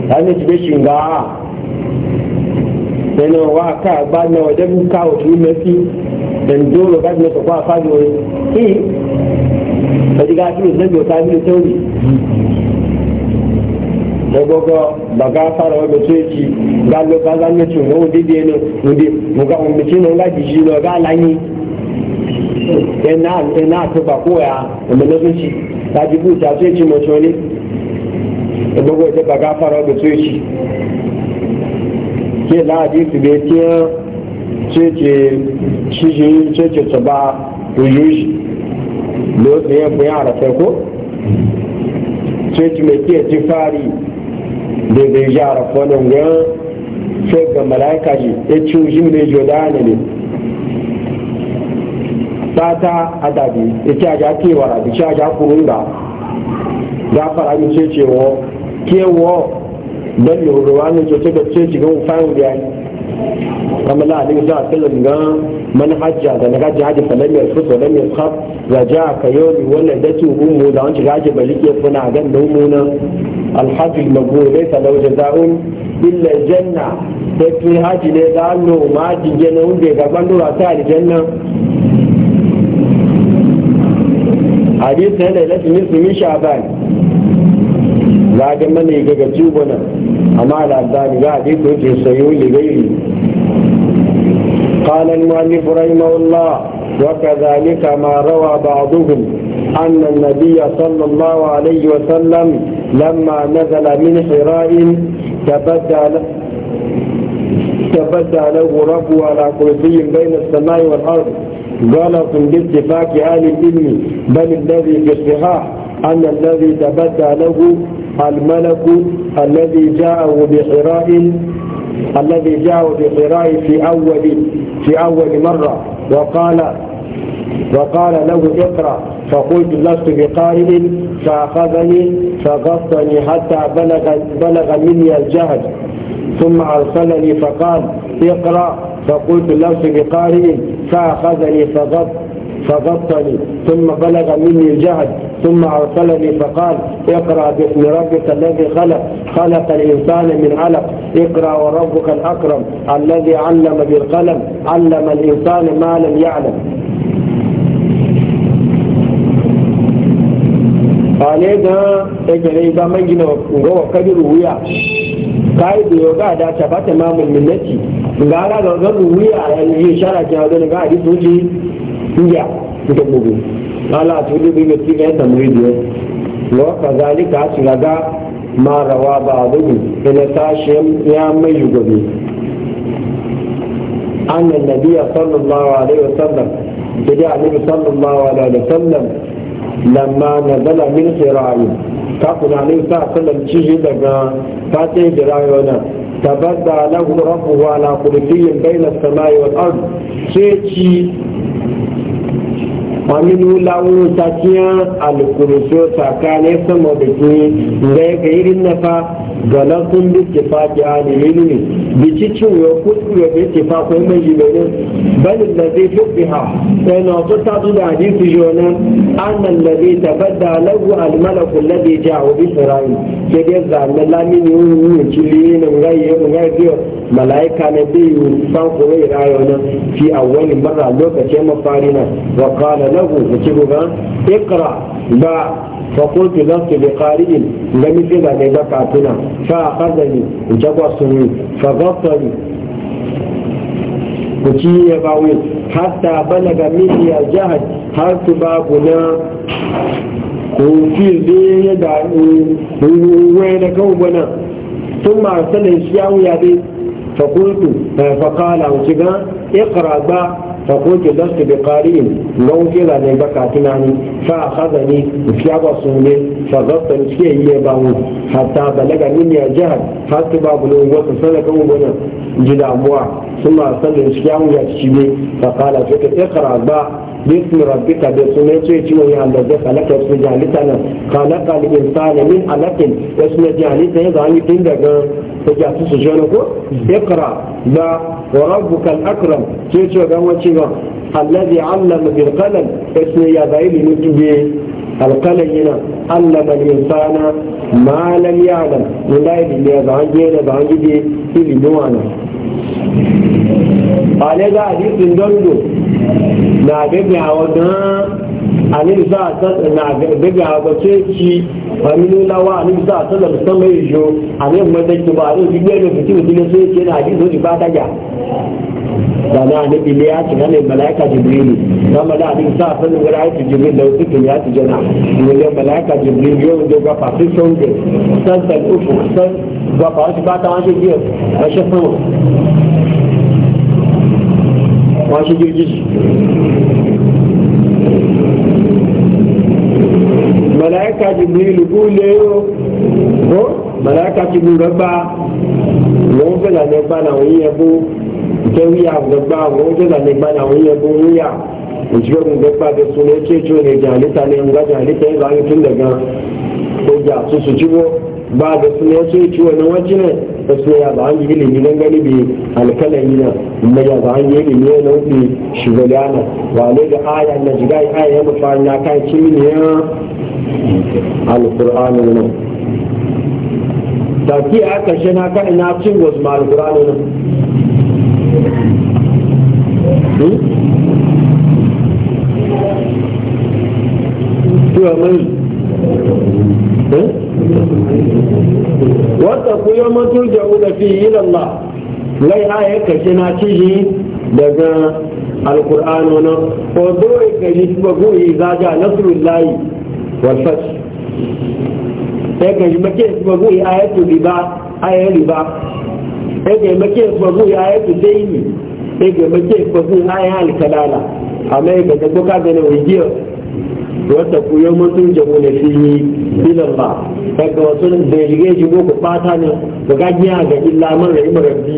za mu ci be shi ga yana uh, wa ka ba na ka kawo shi mafi dan dole ba ne ta kwa faɗi wani eh ba diga shi ne zai ta bi tauri da gogo ba ga fara wa mutu ci ga lo ga ne didi ne mu ga mu ci ne ji ga lani to ba mu ne ta ji ci gogo ba ga fara wa ci ke la hadisi be tiya ce ce shi ce ce ta ba yuji lo ne ya buya da sai ko ce ce me ke ti fari da bai ja ra ko nan sai ga malaika ji e ci yuji ne jodana ne fata adabi e ci aja kewara bi ci aja kurunga gafara ni ce ce wo kewo dan ya huru wani ce ga ce shiga mu fayin da yayi kamar la alaihi wa sallam ga man da naga jihadi falan ya fuso lan ya khab wa jaa ka yawmi wala datu a da wanci gaje balike kuna gan da ummu nan alhajj mabrur laysa law jazaa'un illa janna haji ne da allo ma jinje na unde ga bandura ta aljanna hadith ne da lafi min shaban قال المؤلف رحمه الله وكذلك ما روى بعضهم أن النبي صلى الله عليه وسلم لما نزل من حراء تبدل تبدى له رب على كرسي بين السماء والأرض غلط باتفاق أهل العلم بل الذي في الصحاح أن الذي تبدى له الملك الذي جاءه بحراء الذي جاءه بحراء في أول في أول مرة وقال وقال له اقرأ فقلت لست بقارئ فأخذني فغطني حتى بلغ بلغ مني الجهل ثم أرسلني فقال اقرأ فقلت لست بقارئ فأخذني فغط فضبطني ثم بلغ مني الجهد ثم أرسلني فقال اقرأ باسم ربك الذي خلق خلق الإنسان من علق اقرأ وربك الأكرم الذي علم بالقلم علم الإنسان ما لم يعلم ale da egere ba man gina ga wa kabiru wuya kai da yoga da ta bata mamul minnati ga ga ga wuya ya shara ki ga ga hadisi iya da bugu ala to da bi mutum ya tamri da wa kazalika su ga ma rawa ba'dhu ina tashi ya mai gobe an annabi sallallahu alaihi wasallam jadi annabi sallallahu alaihi wasallam lamma na nazala min sira'i ka kuna ne sa sallam ciji daga fatai jirayona tabadda lahu rabbuhu ala kulliyyin bayna na samai wal ard sai ci wani lawon sakiyan alkuruso tsakanin sama da ke da ya ga irin na fa galakun bi tifaki ali ilmi bi cikin ya kudu ya bi tifaki mai jibirin bal ladhi fiha ina to ta da hadisi jona an alladhi tabadda lagu al malak alladhi ja'a bi israil ke da zalla lamin yuni cili ne ngai ngai biyo malaika ne bi san ko ne rayo ne fi awwal marra lokacin mafari na wa qala lahu ce ga ikra ba فقلت لك بقارئ لم يجد عليك كاتنا fa'akazani ku jagwasu ne fagwasari ku ci ya ba wai hatta balaga miliya jihar har su ba guna ku fi zai da ruwa da kawo gana sun ma salin shi ya wuya dai fa kala wuce ga ikra ba fako ke don su bi ƙari'in ga ungila ne ba ka tunani fa a haza ne fiya ba su ne fa zasta ne suke yi ba mu hatta balaga ne ne a jihar har su ba bulu wasu sai da kan wani ji damuwa sun ma sanin su ya mu ya ci ne ta kala ce ta ikara ba باسم ربك بسنة يجيو يا الله جف لك اسم جالسنا خلق الإنسان من علق اسم جالس هذا عن تين دقا فجاسس جانكو اقرأ لا وربك الأكرم تيجيو دوا تيجيو الذي علم بالقلم اسم يا بايل نتبي القلم هنا علم الإنسان ما لم يعلم ولا يدري هذا عن جيل هذا عن جدي في الدوانا قال هذا حديث دندو na bebe awa gan anibi sa san na bebe awa ce ki faminu lawa anibi sa san da san mai jo anibi mai da ki ba anibi bi ne fiti mutum ne sai ke na hadisi ji ba daga da na anibi ya ci ne malaika jibrilu kama da anibi sa san da aiki jibril da wasu ya ci jana ne malaika jibril yau da ga fafi sauke san san uku san ga fafi ba ta wani jiya ba shi sama wasu girgiji malaika jibrilu kule yo ko malaika ti mu gaba won fe la ne ba na won ye bo ke wi a gaba won fe la ne na won ye bo wi a ojú ọ̀gbìn gẹ́gbà bẹ ní etí ètò ìrìnàjò àlítà ní ẹ̀hún gájà àlítà ẹ̀rọ ayé tó lẹ̀ gan ọjà tuntun tí wọ́n bá bẹ sún ní etí ètò ẹ̀nà wọ́n jìnnà ta wasu ya ba an yi ilimi don gani bi alkalan yi nan mai ya ba an yi ilimi ya nan bi shugabana ba ne da aya na jiga aya ya mutu an ya kai ci ne ya alkur'anin nan ta ki a ƙarshe na kan ina cin wasu ma alkur'anin nan hmm? Tuwa mai? Eh? wata ku yau mutu da fi yi lalla lai aya kashe na ciji daga alkur'ano na ko dole ka yi ba goyi zaja nasrullahi wal fath sai ka yi make su ba goyi ayatu riba ayatu riba sai ka yi make su ba goyi ayatu daini yi ka yi make su ba goyi ayatu alkalala amma ya ka ga ko ka ga wajiyar واتقوا يوما ترجعون فيه filan ba daga wasu da shi ko ku fata ne ba ga giya ga illa man rahim rabbi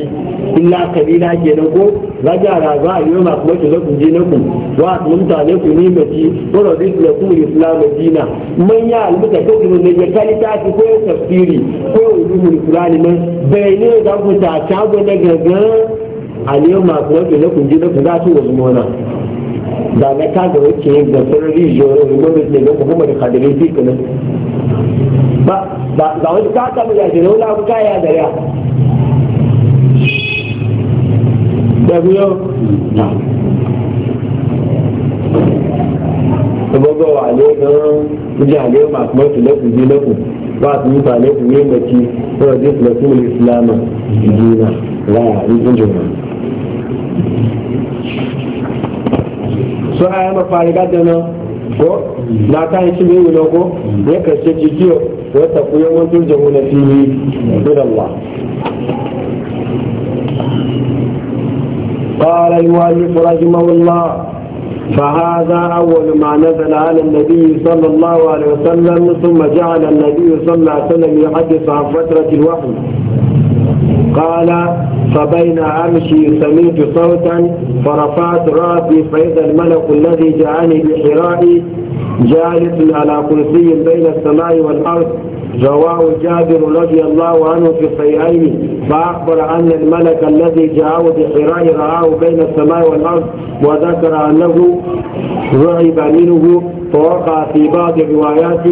illa kabila kenan ko za ki ara za a yi ma kuma ki zaku je naku wa mumta mutane ku ni mace ko rabbi da ku islam dina manya ya almuta ko ku ne ya kali ta ki ko tafsiri ko ulumul kurani man bai ne za ku ta ta na gaggan ga aliyo ma kuma ki zaku je naku za su wasu mona da na kaga wacce da sarari joro ne gobe ne ga kuma da kadare fi kana ba ba wani ka mu ya jira wala ku kaya da ya da biyo na gbogbo wa ne gan mujale ma kuma su ba su yi ba lafi ne mace ko da su lafi mu islama ba ra yi jin so ma ko na ta yi ko ya fili قال المؤلف رحمه الله فهذا أول ما نزل على النبي صلى الله عليه وسلم ثم جعل النبي صلى الله عليه وسلم يحدث عن فترة الوحي قال فبين أمشي سمعت صوتا فرفعت رأسي فإذا الملك الذي جاءني بحرائي جالس على كرسي بين السماء والأرض رواه جابر رضي الله عنه في صحيحيه فأخبر أن الملك الذي جاءه بحراء رآه بين السماء والأرض وذكر أنه ذهب منه فوقع في بعض الروايات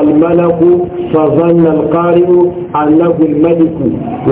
الملك فظن القارئ أنه الملك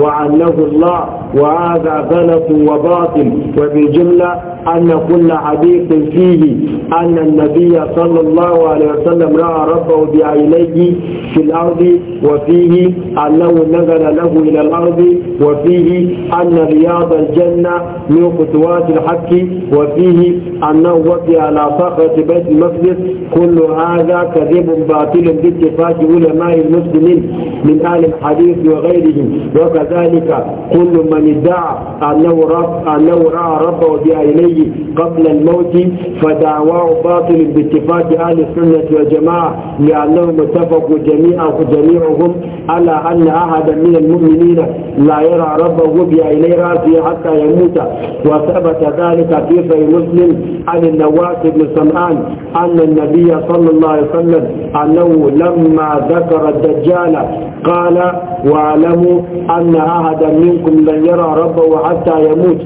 وأنه الله وهذا غلط وباطل وبالجملة أن كل حديث فيه أن النبي صلى الله عليه وسلم رأى ربه بعينيه في الأرض وفيه أنه نزل له إلى الأرض وفيه أن رياض الجنة من خطوات الحق وفيه أنه وفي على على صخرة بيت المقدس كل هذا كذب باطل باتفاق علماء المسلمين من أهل الحديث وغيرهم وكذلك كل من ادعى أنه, رب أنه رأى ربه بعينيه قبل الموت فدعواه باطل باتفاق أهل السنة والجماعة لأنهم اتفقوا جميع جميعهم على أن أحدا من المؤمنين لا يرى ربه بعيني رأسه حتى يموت وثبت ذلك في مسلم عن النواس بن سمعان أن النبي صلى الله عليه وسلم أنه لما ذكر الدجال قال واعلموا أن أحدا منكم لن يرى ربه حتى يموت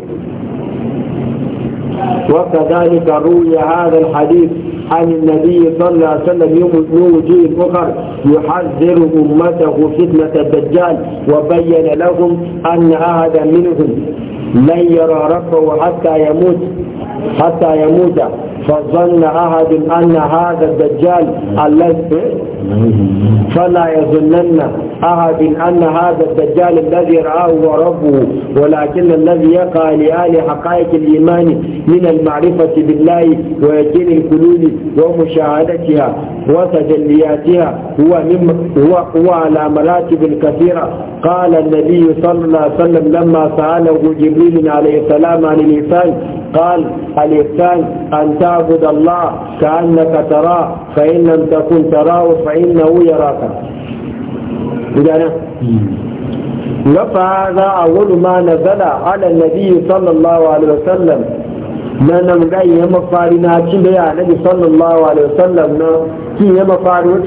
وكذلك روي هذا الحديث عن النبي صلى الله عليه وسلم يوم وجوه الأخر يحذر أمته فتنة الدجال وبين لهم أن أحدا منهم لن يرى ربه حتى يموت حتى يموت فظن أحد أن هذا الدجال الذي فلا يظنن أحد أن هذا الدجال الذي رآه هو ربه ولكن الذي يقع لآل حقائق الإيمان من المعرفة بالله ويكين القلوب ومشاهدتها وتجلياتها هو, مما هو, هو على مراتب كثيرة قال النبي صلى الله عليه وسلم لما سأله جبريل جبريل عليه السلام عن الإحسان قال الإنسان أن تعبد الله كأنك تراه فإن لم تكن تراه فإنه يراك بجانا فهذا أول ما نزل على النبي صلى الله عليه وسلم من نمجأ يما فارنا كبيا النبي صلى الله عليه وسلم كي يما فارنا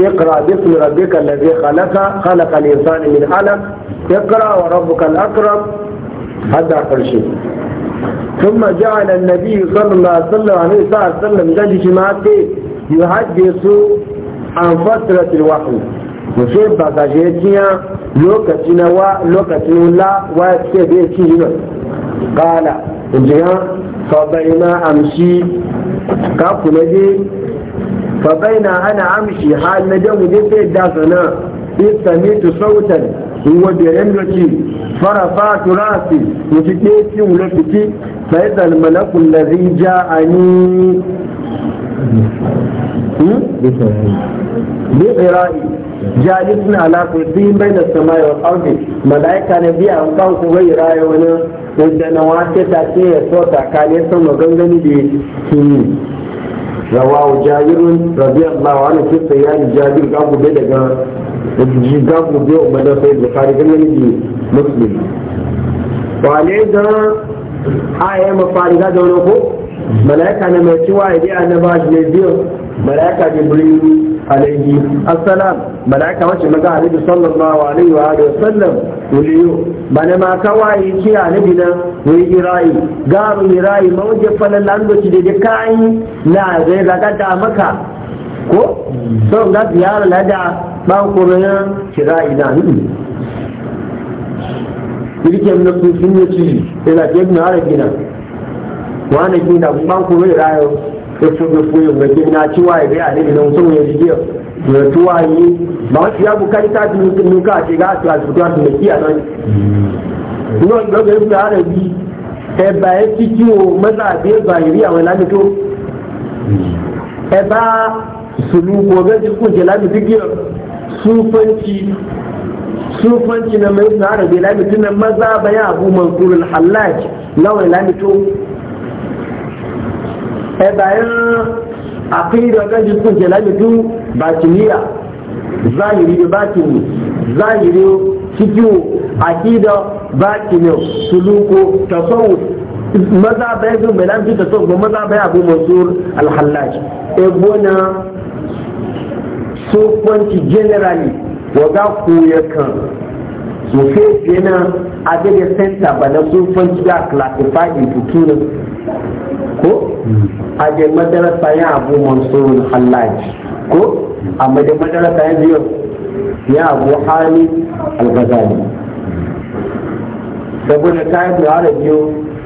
اقرأ باسم ربك الذي خلق خلق الإنسان من علق اقرأ وربك الأكرم هذا آخر شيء ثم جعل النبي صلى الله عليه وسلم عليه جماعته يحدث عن فترة الوحي وشيء بساجيتيا لوكتنا و لوكتنا لا وكتبيتينا قال انتهى فبين أمشي كاكو نجي فبين أنا أمشي حال دي جسد داسنا إذ سميت صوتا huwa da ya yi farafa turasi ku ci ke cin wule fiki sai zalmalakun da zai ja a ni bi tsirai jali suna alaƙa sun yi bai da sama yau ƙaunin malaika ne biya an kawo su bai raya wani wanda na wace ta ce ya so ta kane son magangani da ya ci yi rawa wa jayirun rabiyar lawa wani fi tsayani jayir ga gube daga za ku biyo umarnin sai bukari ganin miji muslim wane ga aya fari ga zaune ko malaika na mai ciwa ya biya na bashi ne biyo? malaika jibril alaihi assalam malaika wacce maga alibi sallallahu alaihi wa alihi wasallam wuliyo bana ma kawai a alibi na wuri irayi garu irayi mawaje falal langoci da da kayi na zai zaga da maka ko don ga ziyara da. ɓankunan kira idanu irken na sun ya ci ila ke na ara gina wani gina ɓankunan rayo ya fuga fuyin ga gina ciwa ya ne da mutum ya ji ya tuwa yi ba wasu ya kai ta ji mutum nuka ce ga asu asu ta su mai a nan ina wani ɗaukar da ara bi ẹba ẹ ti kí o ba àbí ẹba ìrí àwọn ìlànà tó ẹba sùlù kò ọgẹ́ ti kùn jẹ́ lánàá sufanci sufanci na mai tsara bai lamitu na maza bayan abu mankurin hallaj lawai lamitu e bayan a kai da gaji sun ke lamitu batiniya zahiri da batini zahiri cikin akida batini suluku tasawuf maza bayan zuwa bai lamitu tasawuf ba maza bayan abu mansur alhallaj e wa generally waga koya kan sufe kenan a daga senta ba na sufanci ya classify into tunan ko a da madarasa ya abu mansurun hallaji ko a da madarasa ya biyo ya abu hali al-ghazali saboda ta yi da biyu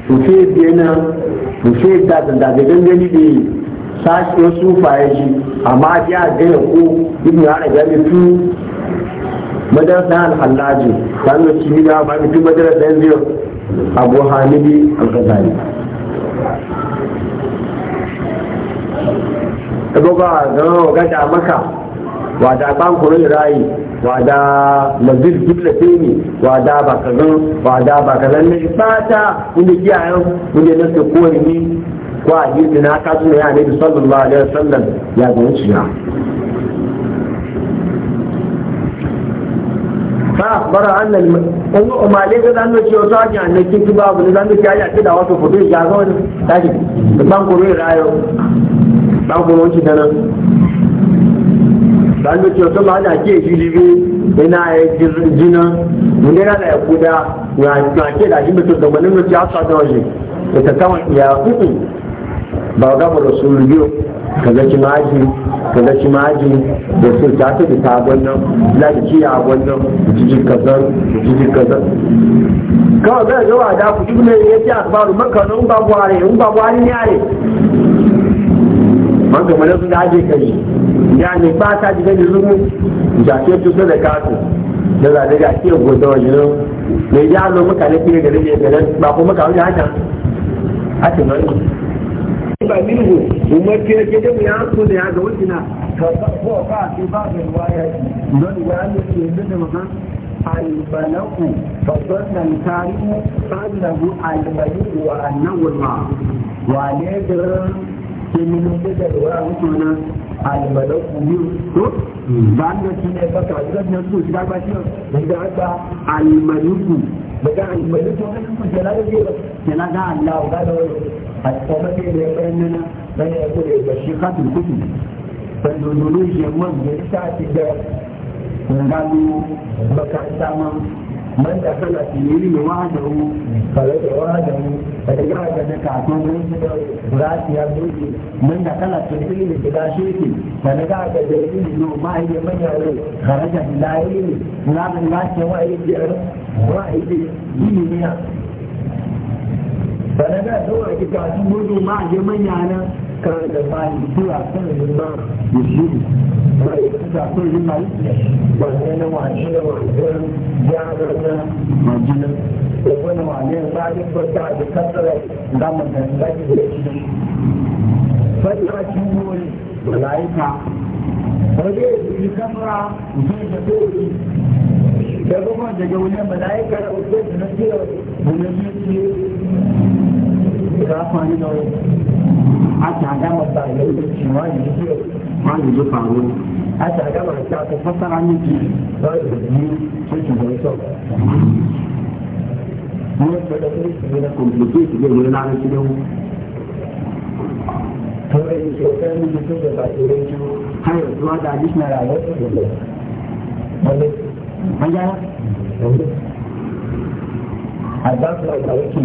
sufe kenan sufe da da gangani da sashi ya sufa ya ji amma ya gaya ko ibn arabi ya mutu madarasa al-hallaji ta nuna cibi ya ba mutu madarasa yanzu abu hanibi al-ghazali ɗaga zama gada maka wa da bankunan rayi wada da mazir dubla fini wa da ba kazan wa da ba kazan ne ba ta inda kiyayen inda nasu kowani ko hadisi na ka tuna ya nabi sallallahu alaihi wasallam ya ga wuciya fa akhbara anna an umale um, ga dan ce wata ga ne kin ki babu ne dan ki ya wato fudu ya ga wani dadi ban ko ne rayo ban ko wuci dana dan ce wata ma da ke jilibi ina ya jina mun yana da ya kuda ya ke da shi mutum da wani mutum da waje ita kawai ya kuɗi ba ga mu rasul biyu kaga ki maji kaga ki maji da su ta ta ta wannan, la ki ya a gwannan jiji kazan jiji kazan kawai ga ga wa da ku duk ne ci akbaru makka nan ba gware in ba gware ne ai man ga mun da aje kai ya ne ba ta ji da zumu ja ke tu da kasu da za da ga ke godo wajen ne ya lo maka ne ke ga ne ga ba ku maka wani hakan a cikin ba minhu umar ke gida ya so da ga wajina ka ko ba da waya don ya ne ke da tarihu sallahu wa wa ne da ke min da da mutuna da ne ba ka da su da ba shi da daga ne da حتى بقي لأننا لا يقول الشيخات الكتب فالدولوجيا مصدر ساعة قالوا بكى سامم من دخل في العلم وحده فلد وحده فرجع لك عطوه راسي عبدوكي من دخل في العلم بلا شرك فرجع لك العلم ما هي من يعلم خرج بلا علم لا من راسي وعيد وعيد دينيا bana da yawa ki kasu gudu ma je manya nan kan da bani zuwa kan yi ya shiri ba ya kusa ko yi ma yi ba ne na wani da wani ya ga na majina da wani wani ba ya fata da kasara da mun da da shi fa ira shi wani malaika wani ya yi kamara zai da dole da kuma daga wani malaika da wasu da na kira wani ne ìbáfà nínú àti àdámọ̀ta ìlú ìṣèwádìí ìdílé wọn lè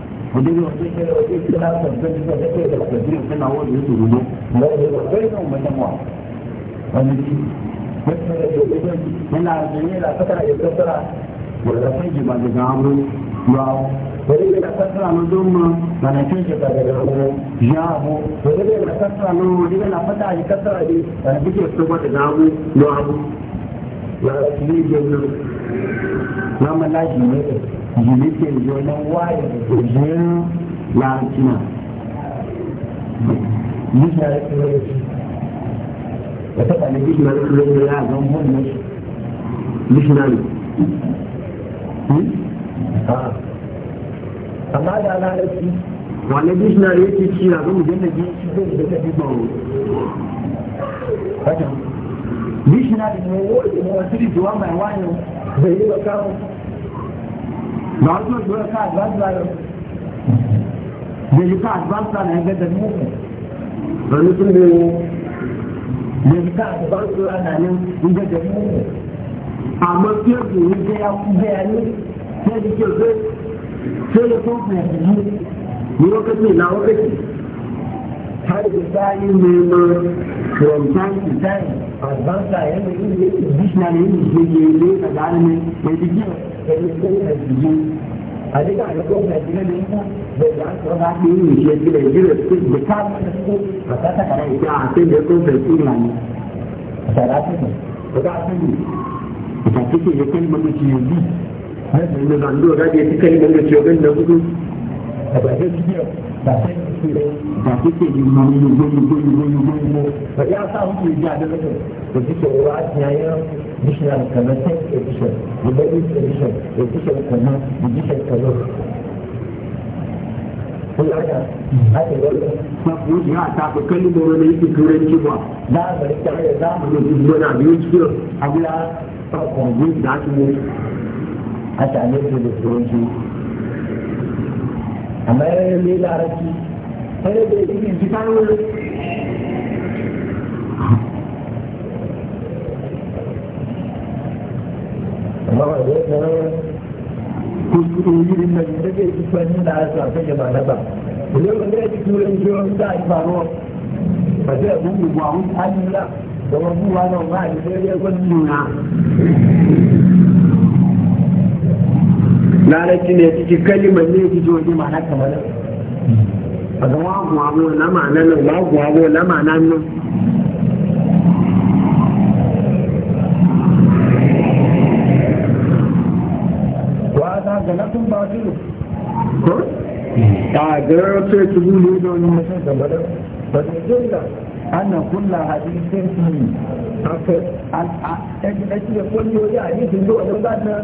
ودي yana zane da kasara ya kasara da kai ji ba da gamu ba wani da kasara na zoma ba na kai ji ba da gamu ya mu wani da kasara na wani da fata ya kasara ne da kike so ba da gamu ba ya ne ne na mallaki ne nake gonan waye da zuwa larabcina bisa da tsirrai da taɓa na bisa ne ya zan wannan missionary amma da larabci wani missionary yake ci na zan mujanna ji shi zai da ta fi bawo missionary ne wo ne wasu rijuwa mai wani zai yi ba kawo ba su zuwa ka advance da yi ka advance da na yanga da mu wani sun ne yi ka advance da na yanga da mu amma ke ku yi da ya ku da ya ne sai da ke zai sai da kun fi yi ni lokaci na lokaci har da ne neman from time to time advance da yanga da ne da ne da yi yi da yi da ne da yi da ẹnikẹ́ni àdìyẹ àdìgbà àdìgbò nàìjíríà ní ìfọ bẹ̀rẹ̀ àtọ́ bá ní ìlú ìṣe ti nàìjíríà tó gbé káàkiri fún àtàkàrà ìjà bishiyar kaza sai ke bishiyar ya bari ke bishiyar ya bishiyar kaza ya bishiyar kaza kun haka haka yau ba ku ji ha ta bi kalli da wani yake turanci ba da ba ta ya za mu ji wani biyu cikin abula ta kongu da su ne a tare da turanci amma ya ne larabci sai da yake ji ta wani kusurori din nan da ke kusurori da aka sa ta ba na ba idan ne ya ji turai shirin sa a faruwa ba zai abin da ba mun hannun da da wani buwa na ba da sai ya gwan nuna larabci ne ciki kalimar ne ki ji wani ma'ana kamar a ga wa guwa na ma'ana nan wa guwa na ma'ana nan hasanatun batilu ko a garar sai ki zulu da wani mutum da bada ba da jilla anna kulla hadisin sun aka ake da kwallo ya hadisin zuwa A ba ta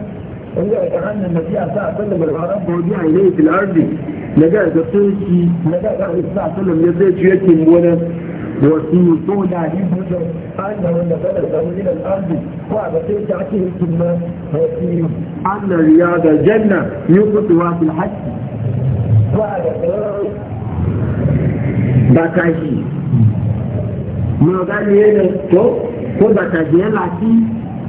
wanda ya kan nan nabi a sa a sallar barbaran bauji a ilai fil na ga ga sun na ga ga sa sallar ya zai ciye kin wani وفي طولة يجب أنه نبلغ إلى الأرض وعبتين تعطيه الكلمة أن رياض الجنة يقطها في الحج bàtàjì ní ọ̀gá ni ẹ̀rẹ̀ tó kó bàtàjì ẹ̀ láti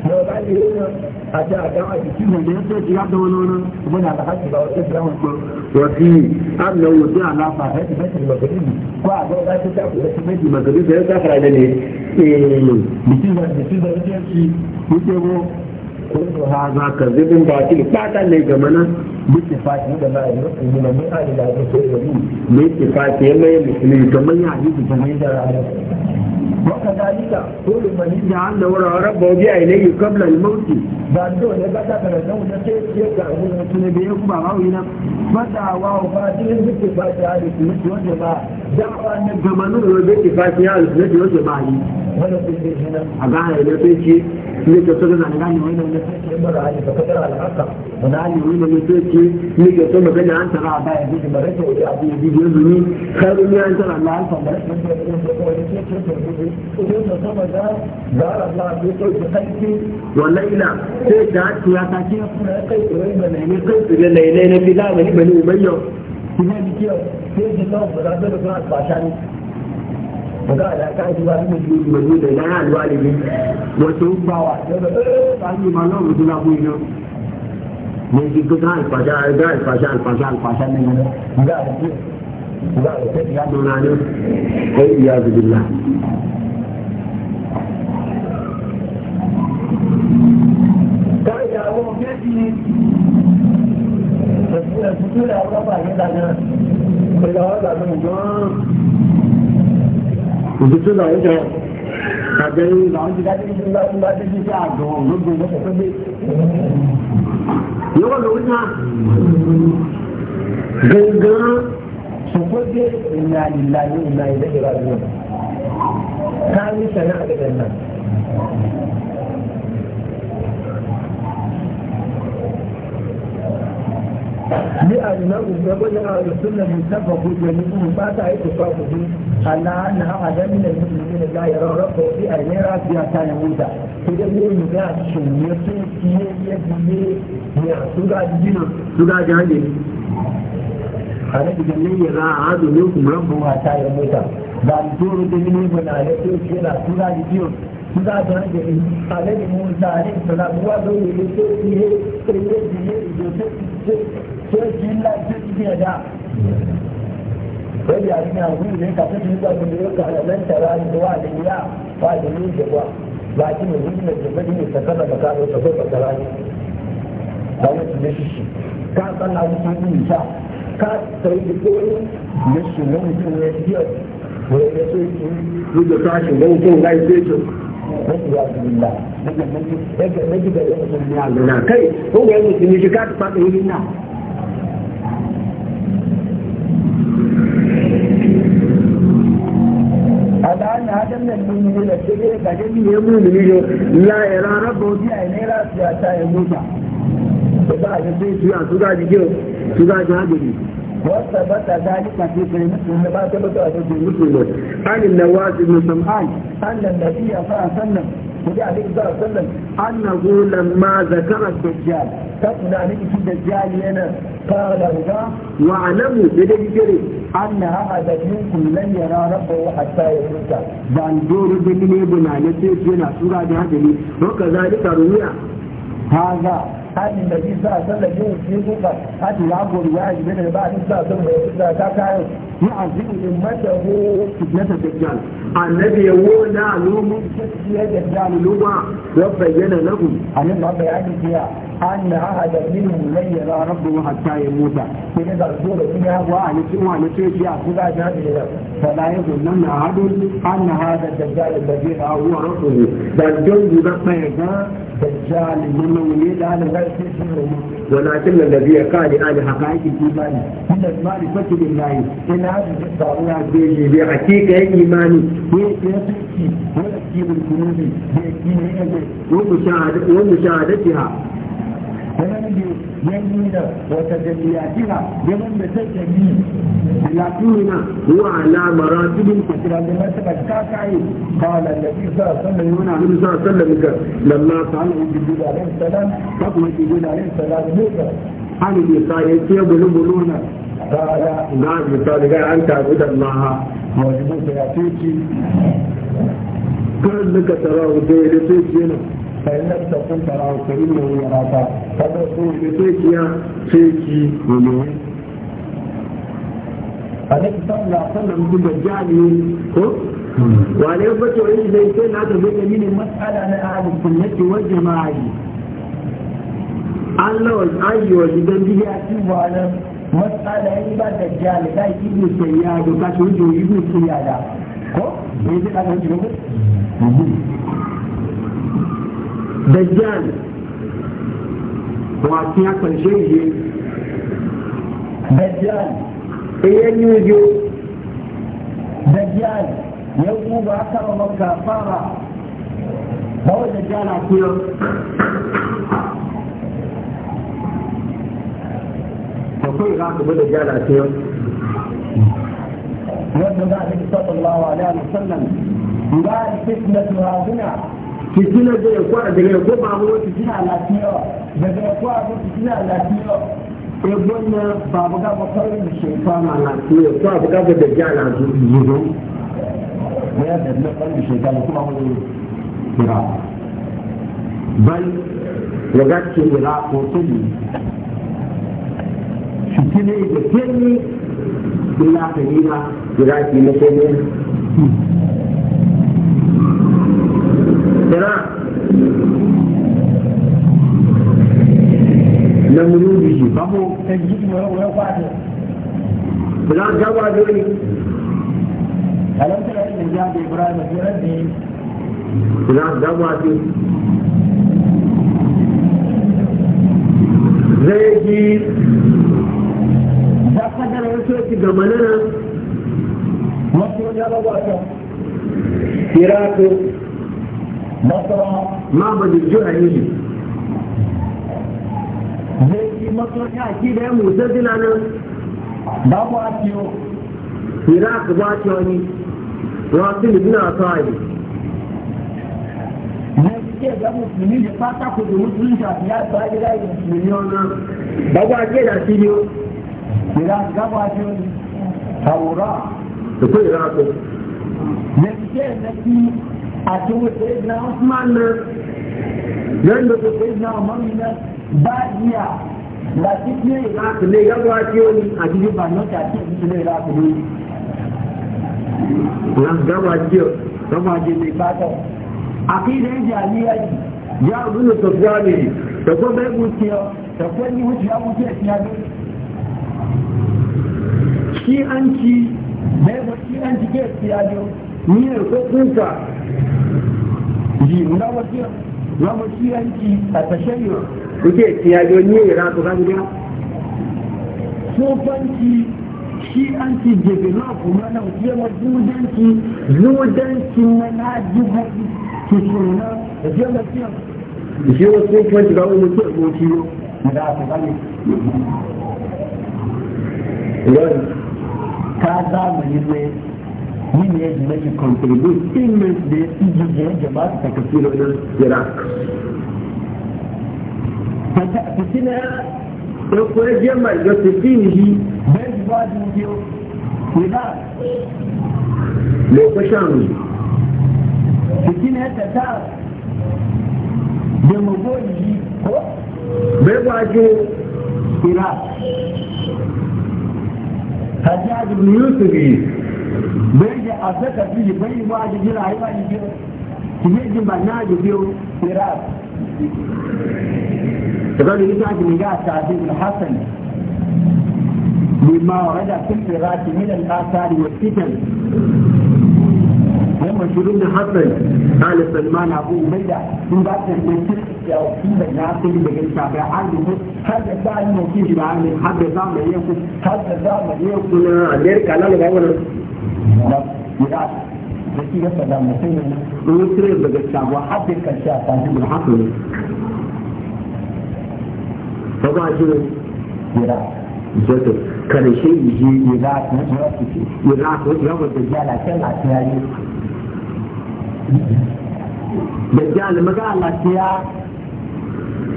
ní ọ̀gá ni ẹ̀rẹ̀ ake adam a jiki ne da yadda ya da wani wani mana da haƙi ba wata jiran wato wasu yi an na wuce a nafa a haƙi magarini ko a zai zai ta kuma su mai magarini da ya zafara da ne bikin da jiki da ya ce shi ko ke bo ko ha za ka zai bin ba ne ga mana bittifaki da ma yi rufi ne mun hali da ake so yi ne ittifaki ya mai musulmi to mun yi ta mai da rana waka dalika kullu man ya'an da wara rabbahu bi yi qabla al-maut ba do ne ba ta kana nan da ce ya ga mun tun da ya kuma hawo ina fada wa ta din zuke ba ta hali kuma wanda ba da'awa ne ga manu da yake fati ya alfi da ba yi wannan kullu ne a ga ne ta ce ne to sai ga nan ga ne wannan ne sai ba da ba ka tara al-haqa ne ne ce shi ni ke so magana an tara a baya duk bare ta wuce abu bi biyu zuni karu ni an tara Allah alfa bare ta wuce ko sama da da Allah ne, ko ta kai wallaila sai da ta ya ta ce kai ne ne kai ne ne ne bi da bani bani umayyo ne, ni ke sai da Allah ba da ba ba ne, ga alaƙa shi ba su ne biyu ne, da ne, alwalibi ne, bawa ne, ba ne, yi ne, nan ne, na mai yi duk alfasha alfasha alfasha alfasha ne mana za a ce za a ce ya nuna ne kai iya zubilla Ìjọba ọ̀gá mi jọ. Ìjọba ọ̀gá mi jọ. àgbẹ̀ làwọn ti dájú ní bá bá dé sí àgbọ̀ gbogbo ìgbésẹ̀ tó gbé. lọ́wọ́ lòun náà gangan sọ̀kọ́ dé ìlà ìlà ní ìlà ìlẹ́yìn rà lónìí. káyọ̀ sẹ́yìn àgbẹ̀ náà. ni a nabu ga gwada a sunna mutafa ko jami'u ba ta yi tufa ku bi ala na adam ne mutum ne da ya rarrafa bi a ne rafiya ta ya huda da ne mu ga shi ne su ne bi ne ya su ga na su ga jani da ne ya ra hadu ne kuma rabbu ta ya huda ba to da ne mu na ne su ga jina musa tó ń jẹ alẹ́ ni mo ń ta alẹ́ ìtọ́lá mo wá lórí ilé tó ti yé ewé ti yé ìjọ tó ti tó ti ńlá tó ti di ẹ̀dá. Bẹ́ẹ̀ni àdínní àwọn ìlú ne tó ti da gbogbo ne kàrẹ̀ lẹ́ntẹ̀rẹ̀ àdínní wà lè yá wà lè ní ìjẹ̀wà bàtí mi ní ìjìnlẹ̀ tó fẹ́ẹ́ ní ìsẹ̀kọ́nà bàtà ló sọ pé bàtà láyé. Báwo ti lè ṣiṣì? Ká sọ́nà wípé ní ìjà ká sọ ibi tó lè ṣùgbọ́n ìjìnlẹ̀ díẹ̀ wọ̀nyẹ́ tó ń lójó ká ṣùgbọ́n ìjìnlẹ̀ láì rashin ya fi lilla daga rashin da ya fi na kai ko ga ne mun yi ne ya era rabo ji ai ne yi mu ba وثبت ذلك في كلمة النبات بتاعت في مسلم عن النواس بن سمعان أن النبي صلى الله عليه وسلم وجاء عليه الصلاة والسلام أنه لما ذكر الدجال تكن عليه في الدجال هنا قال هنا واعلموا بدك جري أن هذا منكم لن يرى ربه حتى يموت بان دور بن يبنى نسيت هنا سورة هذه وكذلك رؤيا هذا hannun da bi sa sallan yau ce kuka hadi ya gori ya yi ba a sa sallan yau da ta kayan yi azimu in mata ho fitnata dajjal annabi ya wo na a fitnata dajjal luba ya bayyana lahum annabi ya bayyana أن أحدا منهم لن يرى ربه حتى يموت فإذا الزور منها وأهل سوى نسيت يأخذ أجهد إلى فلا يظن أن أحد أن هذا الدجال الذي هو رسله بل جند بطيقا دجال من مولد على غير ولكن الذي قال على حقائق الإيمان من أجمال المعرفة الله إن هذا الضرورة بيجي بحقيقة إيماني ويأتي ويأتي بالقلوب بيأتي ومشاهدتها ونمجي يمينا وتجلياتها يمن بتجلي لكننا هو على مراتب كثيرة لما تبكاكعي قال النبي صلى الله عليه وسلم هنا النبي صلى الله عليه وسلم لما سأله جبريل عليه السلام فقم جبريل عليه السلام موسى عن النساء يبلو بلونا قال نعم مثال قال أن تعبد الله موجود يعطيك كل لك تراه دير فيك هنا fa'ilar ta kuka a wakari ne wani rata ta da su sai ki sai ki wani a ne ki san lafan da mutum da ja ne ko wa ne ba zai sai na ta zai da mini matsala na arabu kun yake wa jama'ai Allah wa ayi wa gidan biya ki wa nan matsala yi ba da jali da ki ne sai ya ga ka so ji ibu ki da ko دجال هو أسياء دجال إيه نيجو دجال يوم أكثر من كفارة هو دجال أكيد وكل غاب بده جال أكيد يوم ذلك صلى الله عليه وسلم ذلك فتنة هنا fitina da ya a daga ya goma mu wata fitina lafiya daga ya kwa mu fitina lafiya e eh, gonna ba mu lafiya ba mu ga da ya da na kan kuma mu kira bal waga ce ira ko tuli fitina da kenni ila kanina ira ki na kenni jama'a na mulu da shi ba mu ga ba alam da ibrahim da rabbi ga ba zai ji da ga manana wasu ya ba ba ta معبد ne. zai matsaya ki da ya musa zila nan ba ku a ciwo iraq ba ce wani wasu ne ke ga da ta yi da ba ke da shi ne iraq ga ce wani haura da ku iraq Me ke na ki a cikin sai na Usman ne yanda ko sai na Umar ba iya ba cikin Iraq ne ya ba ki wani a cikin ba na ta cikin ne Iraq ne ya ga ba ki ga ba ki ne ba ta akidan jami'a ya gudu tafiya ne da ko bai wuciya da ko ni wuciya wuciya ya ga shi an ci bai wuciya an ci ke siya ne niyyar ko kuka ji na wakilanci a tashayyar kuke tiyajo niyyar rasu kan gida sofanci shi an ci jibina kuma na kewa zudanci zudanci na na jibo kisuna da kewa kiyan shi wasu sofanci ga wani ke goci da aka gani ka zamani ne mine ya jina ki contribute immense da ya fi jijiyar jama'a ta kafi da wani iraq fitina ya kuwa jama ga fitin shi ya tata demagogi shi ko bai wajo iraq hajjaji yusuf bẹ́ẹ̀ni àfẹ́kà sí yìí bẹ́ẹ̀ni wọ́n àjẹjì rà ayé báyìí jẹ́ ìwé ìjìnbà náà yóò bí o ìrà. ìrọ̀lẹ́ yìí sáà jìnnì yá àtàdé ìhásẹ̀n lèmọ̀ ọ̀rẹ́dà fífi rà ti mílẹ̀ àtàdé wọ̀ títẹ̀lì. wọ́n mọ̀ ṣe lóun hasan ala salman abu ubaida in ba ta yi ta yawon da ya fi da ya shafi arziki har da za a yi mafi da har da za mu yi ku har da za mu yi ku na amerika na lura wani ميراث التي يفعل المسلم ويسرع بالشعب وحد الكشاف تهذيب الحقل فما شنو ميراث جدل كان شيء يجي ميراث ميراث يوم الدجال عشان عشان دجال ما قال لك يا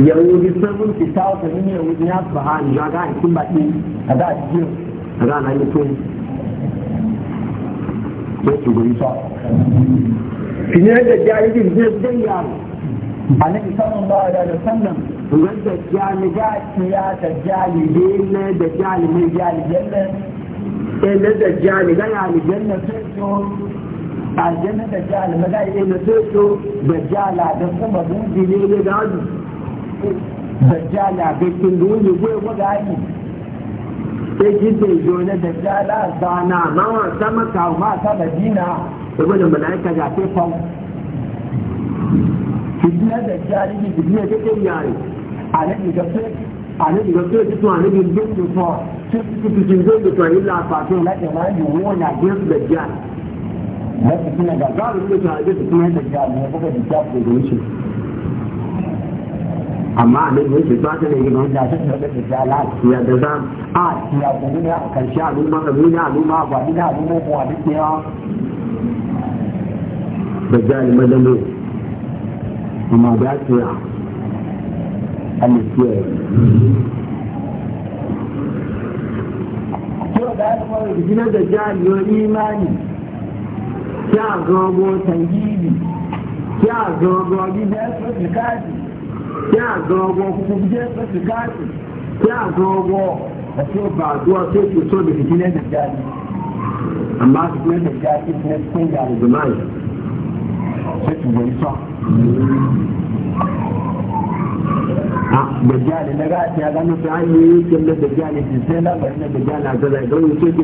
yahudi sabon ki tawo da ne yahudi ya su ha ni ga ga kin baki a da ji ga na yi to da su guri sa da jahilin zai zai a nan samun ba da da sannan wanda jami'a ya ta jalibe ne da jalimai jalibe ne eh, ɗaya da jami'a jalibe ne sai so aljanna da jalibe ga iya na sai so da jala da kuma buji ne da gaju da jala da kin dole goyi gwaga yi sai gidda ido na da jala zana mawa sama kawo ma ta madina da mala'ika ga sai fau fitina da jari ne fitina ta kai yare a ga sai a ga sai fito a nan ga bin da fa sai fito cikin zai da tsoyi lafafe na jama'a ne mu a gefe da jari na fitina ga zaru ne ta hajji fitina da jari ne kuka da jari da wuce amma a nan yake ba ta ne gidan da ta da ta ala ya da za a ya da ne a kan sha al'umma da ne al'umma ba ni da al'umma ba da ke ya da jali madamu amma da ke ya an ke ko da ya fara gidan da jali yo imani ya gogo tangidi ya gogo gidan su kaji kí àgọ́gọ́ kúkú jẹ́ pẹ̀sì káàkiri kí àgọ́gọ́ àti ọba àdúrà tó ètò tó lè fi kílẹ̀ lè jáde àmà àti kílẹ̀ lè jáde kílẹ̀ fún ìyá àlejò náà ṣé na gashi ya ta yi kin da Dajjali ke sai labarin da Dajjali a gaza don yi ce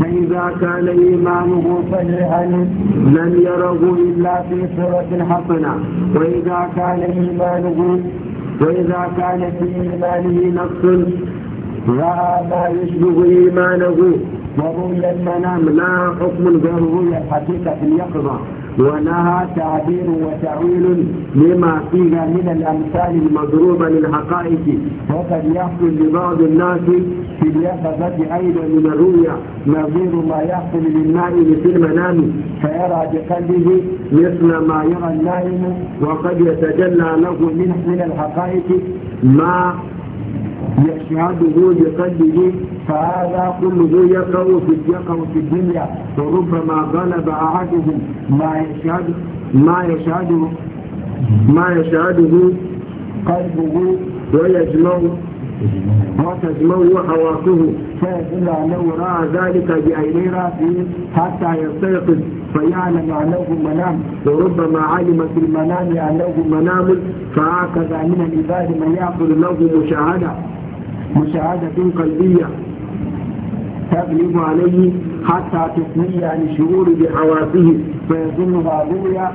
فإذا كان إمامه صحيحا لم يره إلا في صورة حسنة وإذا كان إيمانه وإذا كان في إيمانه نقص رأى ما يشبه إيمانه ورؤيا المنام لها حكم غير رؤيا الحقيقة في اليقظة ولها تعبير وتعويل لما فيها من الأمثال المضروبة للحقائق وقد يحصل لبعض الناس في اليقظة أيضا من الرؤيا نظير ما يحصل للنائم في المنام فيرى بقلبه مثل ما يرى النائم وقد يتجلى له من من الحقائق ما يشهده بقلبه فهذا كله يقع في يقع في الدنيا وربما غلب احدهم ما يشهد ما يشهده ما يشهده قلبه ويجمع وتجمو حواسه فإذا لو رأى ذلك بعيني رأسه حتى يستيقظ فيعلم أنه منام وربما علم في المنام أنه منام فهكذا من العباد من يأخذ له مشاهدة مشاهدة قلبية تغلب عليه حتى تثني عن الشعور بحواسه فيظنها رؤيا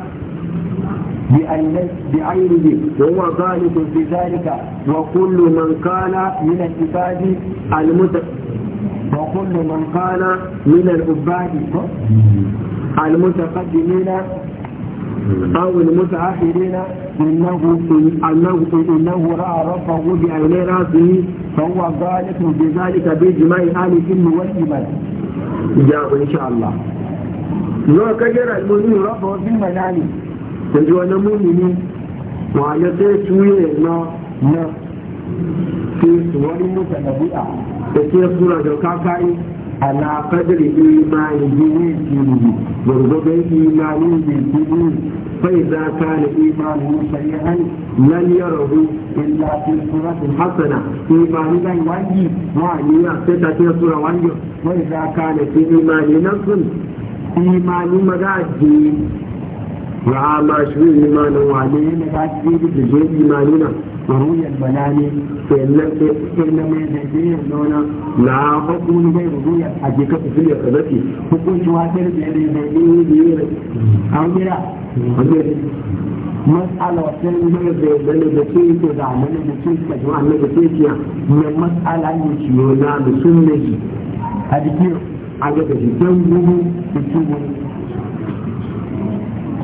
بعينه وهو غالب في ذلك وكل من قال من العباد المت وكل من قال من العباد المتقدمين أو المتأخرين إنه أنه إنه رأى ربه بعين رأسه فهو غالب بذلك بإجماع أهل السنة والإيمان. جاء إن شاء الله. لو وكجر المؤمن ربه في المنام yanzu wani mumini ya sai tuye na na ke su wani mutu na buɗa da ke sura da kakai na fadar imani jini jini gurgurdan imani da jini bai za ka da imani shari'an lan yarahu illa fi suratin hasana imani zai wangi wa ni ya sai ta ke sura wangi bai za ka da imani nan sun imani maza jini wa ma shi imanin wane ne ba shi da je imanina wa ruyan banani sai na sai na mai da je nona la hukun bai ruya a jika su ya kazafi hukunci wa da da da da da da an gira mas'ala wata ne da da da da ke ke da mana da da ke ke ne mas'ala ne ciyo na da sunne ji a jikin a ga da jikin gudu da cikin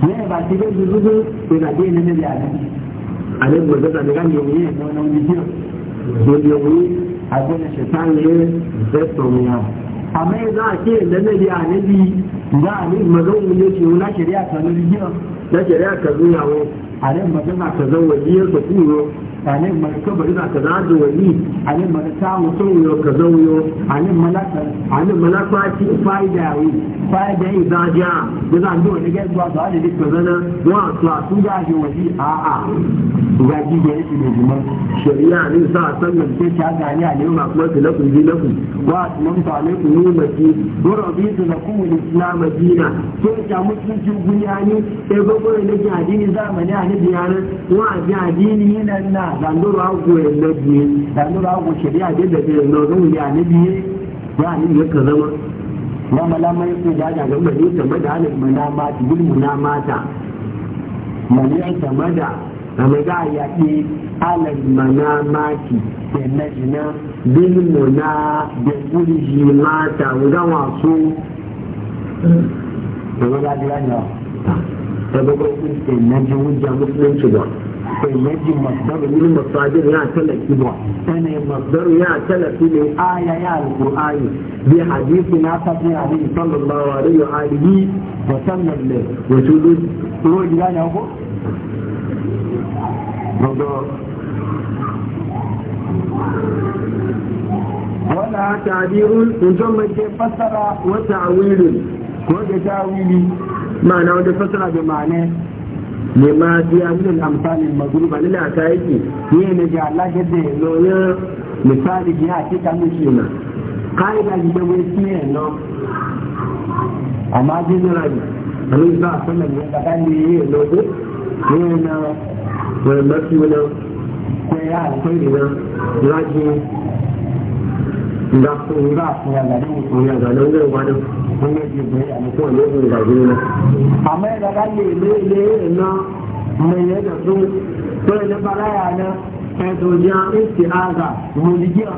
ne ba shi zai zuzu to da dai ne ya ne a ne ba daga ne ne ne na wani jiya to da wani a gona shaitan ne zai tsomi ya amma za a ce da ne ya ne bi za a ne mazan mu ne ce wala shari'a ta ne jiya da shari'a ka zuwa wa a ne mazan ka zawo jiya ka kuro ale mana kaba ina ka da wani ale mana ta mutum yo ka zauyo ale mana ale mana fati faida yi faida yi da ja da zan do ne ga zuwa da da ka zana wa to a su ga ji wani a a ga ji ga shi ne kuma shari'a ne sa sannan ce ta ga ni ale ma kuma su lafu ji lafu wa mun ta ne ku ni maki gurabi su lafu islam dina ko ta mutunci gunyani e gogo ne ga addini zamani a ne biyanan wa ga addini nan na dandoro hagu ya labiye dandoro hagu shari'a da da biyan nonon ya na biye ya ni ya ka zama na ma ya ce da ga ta ma da halin manama ta ma munamata mani ya ma da ma za a yaƙi halin manamati da na jina bil muna da kulji mata ga wasu da ga da ya فبقى نجي وجه مسلم شبه فنجي مصدر من المصادر يعتل كبوة أنا المصدر يعتل في الآية يا القرآن بحديث ناقة عليه صلى الله عليه وآله وسلم وسلم هو جلال أبو ولا تعبير من ثم فسر وتعويل ko da tawili ma'ana wanda fasara da ma'ana ne ma biya min amsalin magruba lila ta yake ne ne ga Allah da da loye misali ya ce kan shi na kai da ji da wai ne no amma ji da rai Allah ba sallan ya ga dan ne ne loye ne na wai mafi wala ko ya ko ne na yi sun ga kuma ga nan ya ga nan zai wani ji bai a mutum ne ne ga gina amma ya ga ne ne ne na mai ya da su to ne bara ya na sai to ja istiaza mu dikiya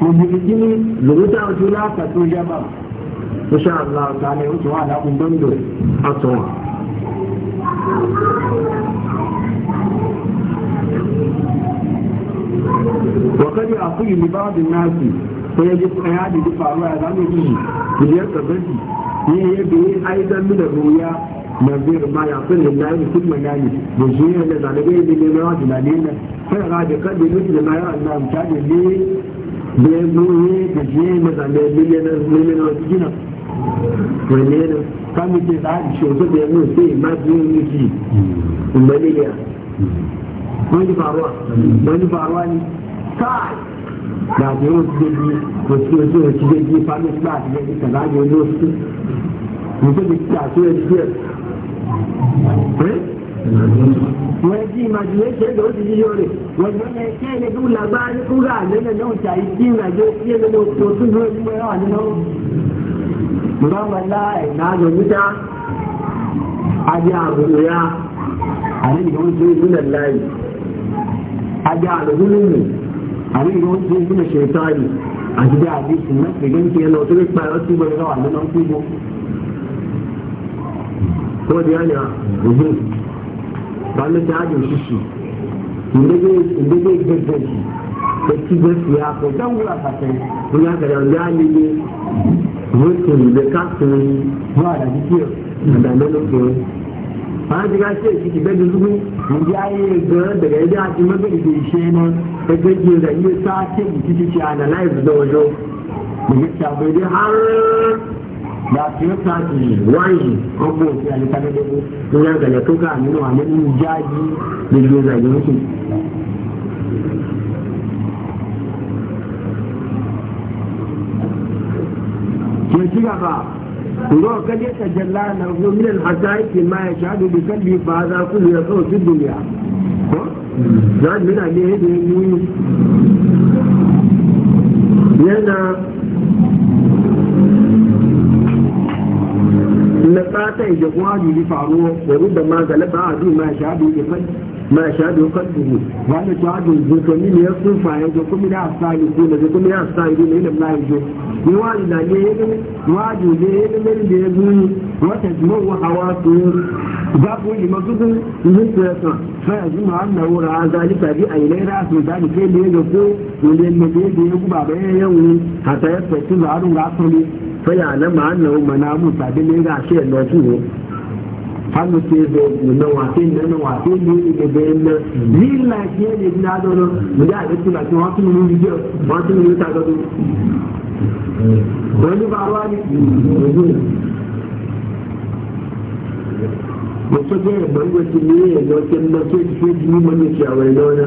mu dikini lumuta wato la ka to ja ba insha Allah ta ne wato ala kun dondo a tsawon wani a kuri ba da nasi sai ya ji tsaya da ji faruwa ya zama shi ku biyar tsarkar shi yi bayan aizan mu da ruwa na biyar ma ya fi lalla yi sun mana ne da shi ya da zanabe ne ne mawa da lalle na sai ra da kan da yi da mayar allah ta da ne da ya zuwa da shi ya yi na zanabe ne na zuwa na wasu gina wani ne kamun ke za a yi shoto da ya zuwa sai ma yi shi in bane ya wani faruwa wani faruwa ne gbàgbé ó ti débi òsì òsì òsì débi family gbà àti débi kàdáàgbé olóòsì nítorí ti àtúnyẹ̀ díẹ̀ wọ́n ti imagination ẹ̀dọ̀ ne ti yíyọ rẹ̀ wọ́n ti wọ́n yẹ kí ẹni tó lágbára ní kúrò àlẹ́nà ne ti àyè tí ìrìnàjò sí ẹni lọ tó tún lọ sí ẹ̀rọ àlẹ́ náà. Ìbámọ̀lá ẹ̀ka àjọ níta ajé àbùrù ya àlẹ́ ìgbà wọn ti ń gúnlẹ̀ láàyè a àlọ́ gúnlẹ̀ nìyí. àbí ìlú ń tún ìdílé ṣe tọ́ ẹ̀yìn àti bí àbí ìsìn náà pèlú ń tiẹ̀ lọ tó lè pa ẹ̀rọ tí gbogbo náà wà lọ́nà ń kúgbó. Wọ́n di ọ̀nà ògbó balẹ̀ tí a jò ṣíṣì ìgbégbé gbẹgbẹ jì etí gbé fi àpò dáwọ́ àtàtẹ̀ ní àgbẹ̀dẹ̀ ọ̀dẹ́ àlejò wọ́n ti ìgbé káàkiri wọ́n àdàbí kí ọ̀dà an ji ga da shi da zubu mun ji ayi ga daga yadda a cikin magana da ishe na ta gaji da iya sa ce ki ci a da live da wajo mun yi tabai dai har da ki yi sati wani abu ki a lita da dubu mun yi ga to ka nuna wa mun jaji da ke zage musu ke ci ruwan kaje ka jalla na gominan hasaiki ma ya shaɗu da kan biyu ba duniya ko na tsata ya kuma bi faruwa da rubda ma galaba a bi ma sha ya fai ma sha ya kan dubu ba na ta hajjin zuto ne ya sufa ya ga kuma da asali ko da kuma ya asali ne wani na ne wani ne ilimin ne ya zuyi wata wa hawa su za ku yi mazugun yin su ya a jima an na wura a zalika bi a ilai rasu da ni kai ne ya ko ne ne ne ya guba bayan hata ya sauki za a faya na ma'ana umar na abu sabi ne ga shi yadda su ne hannu ce da na wafe na wa ce, ne da bayan na ni lafiya ne na zaune mu da alaƙi ba ce wasu minu biyar wasu minu ta gado wani ba ruwa ne mutum ya yi bangon ne ya yi lauƙin na so ya fi ji mun ci a wani na.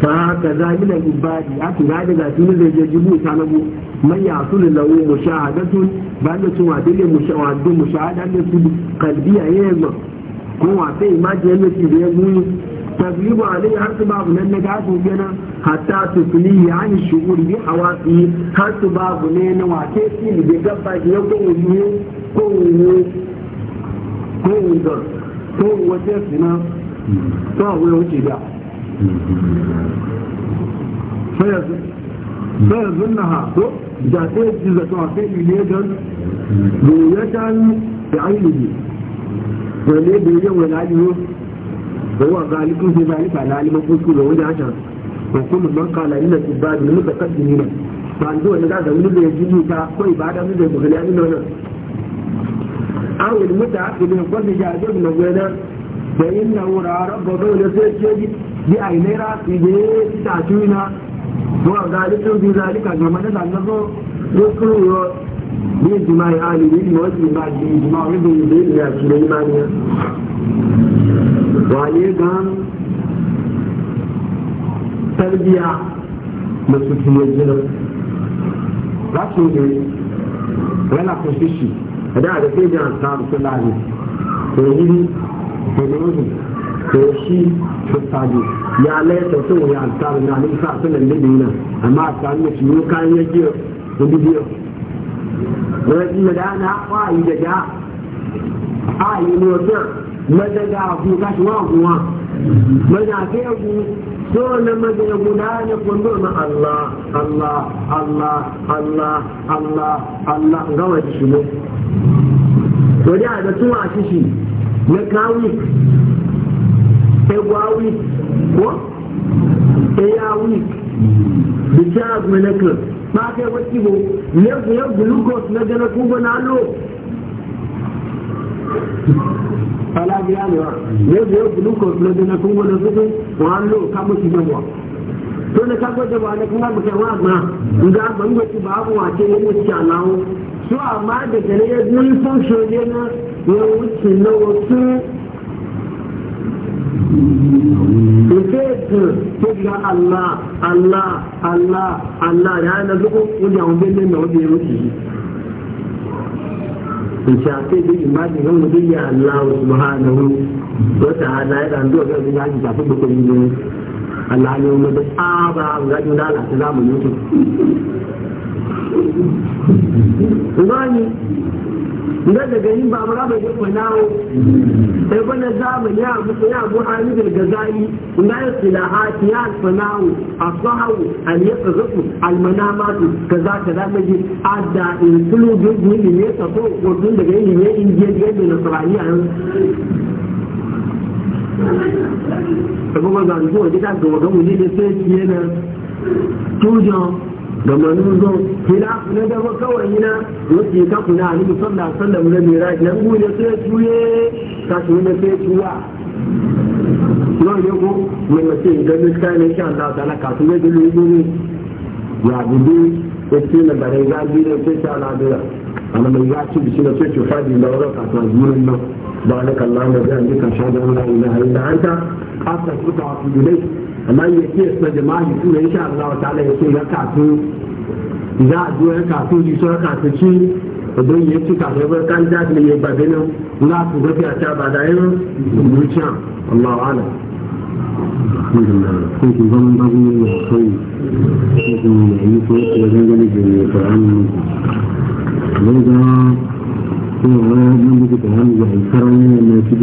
fa haka zalila ibadi aka ga daga tun da ya jibu ta nabu man ya su da lawo mushahadatu ba da tun wa dole mushahadu mushahadatu su kalbiya yayin ba ko wa sai imaji yana ci da ya muni tagribu alai har su babu nan na gafu gana hatta su fili ya ni shuhuri bi hawasi har babu ne na wa ke shi da gaba ya ko wuye ko wuye ko wuye ko wuce sina ko wuce da فيظن فيظنها جاتيت إذا تعطي إليه رؤية بعينه وليه بيجي ولا يجوز هو غالب في ذلك على علم كل وجه عشان وكل من قال إن العباد المتقدمين فعنده أن هذا ولد يجيني كأخوي بعد أن يجب غلاني لنا أو المتعقد من قبل جاذب لنا فإنه رأى ربه دولة سيد bi ainera ibe tita tuina wa zalika bi ga mana da nan zo yi yo bi yi ali bi ma wajin ba bi jima'i bi bi ya sulaimaniya wa ne gan tarbiya masu za su ne wala ko shi da da sai da samu sallani to yi ne ne shi fitaji ya laita sun wani alkar na nan sa sunan libi nan amma ta ne shi ne kan ya ji dubi biyo wani da da na kwayi da da ayi ne wata maza da ku ka shi wa kuwa maza ke ku so na maza ya guda ne kundo na Allah Allah Allah Allah Allah Allah ga wani shi ne to da da tuwa shi shi na kawo egwa week ko eya week the child miracle ba ka yi wasu bo yanzu yan glucose na gana kuma na lo alaji ya ne wa yanzu yan glucose na gana kuma na suku wa lo ka mutu yawa to ne ka gwada ba na kuma ba kai wa ma ga ban gwada ba mu wace ne mu ci alawo so amma daga ne ya yi function ne na ya wuce na wasu ìfẹ́ẹ̀kùn tó ya àlá àlá àlá àlá rẹ̀ na lókò oúnjẹ àwọn bẹ́ẹ̀ náà a ẹrú yìí ìṣe àkéde ìmáàdì náà lórí yà àlá òṣùmọ̀ ha náà lọ́tà àlá ẹ̀dà ńdọ́ ọ̀gá ìdílé àti ìgbà tó gbogbo yìí ní àlá ni wọn a sáábà ọ̀gájú náà láti láàmú lókè. ìwádìí nga daga yin ba mura bai gaba nawo sai bana zamani ya abu ya abu hamid al-gazali nga ya silahati ya al-fanawu as-sahawu al-yaqzatu al-manamatu kaza kaza maji adda in sulu bi ni ne ta so ko tun daga yin ne in je je da nasraniya Ẹgbọ́n gbọ́dọ̀ àdúgbò ìdíkà gbọ̀ngàn wò ní ilé fẹ́ẹ́ tiẹ̀ náà tó jọ ga manzo hila na gaba kawai yana yake ka kuna ali sallallahu alaihi wasallam na miraj nan gune sai tuye ka tuye sai tuwa yau ne ko mai mace ne ka da ya gudu ya ce na bare ga gire sai mai ya ci sai ka tuwa gurin nan ba zai ka amma ya ke sa jama'a su ne Allah ta'ala ya ce ya kafu za a zo ya kafu ji so kafu ci don ya ci kafu ba kan da ne ya ba bene na ku gafi a ta ba da yin zuciya Allahu ala kun kun ban babu ne kai kun yi ko ko ne gane da Qur'an mun ga ko mun da Qur'an ya karanta ne ne ki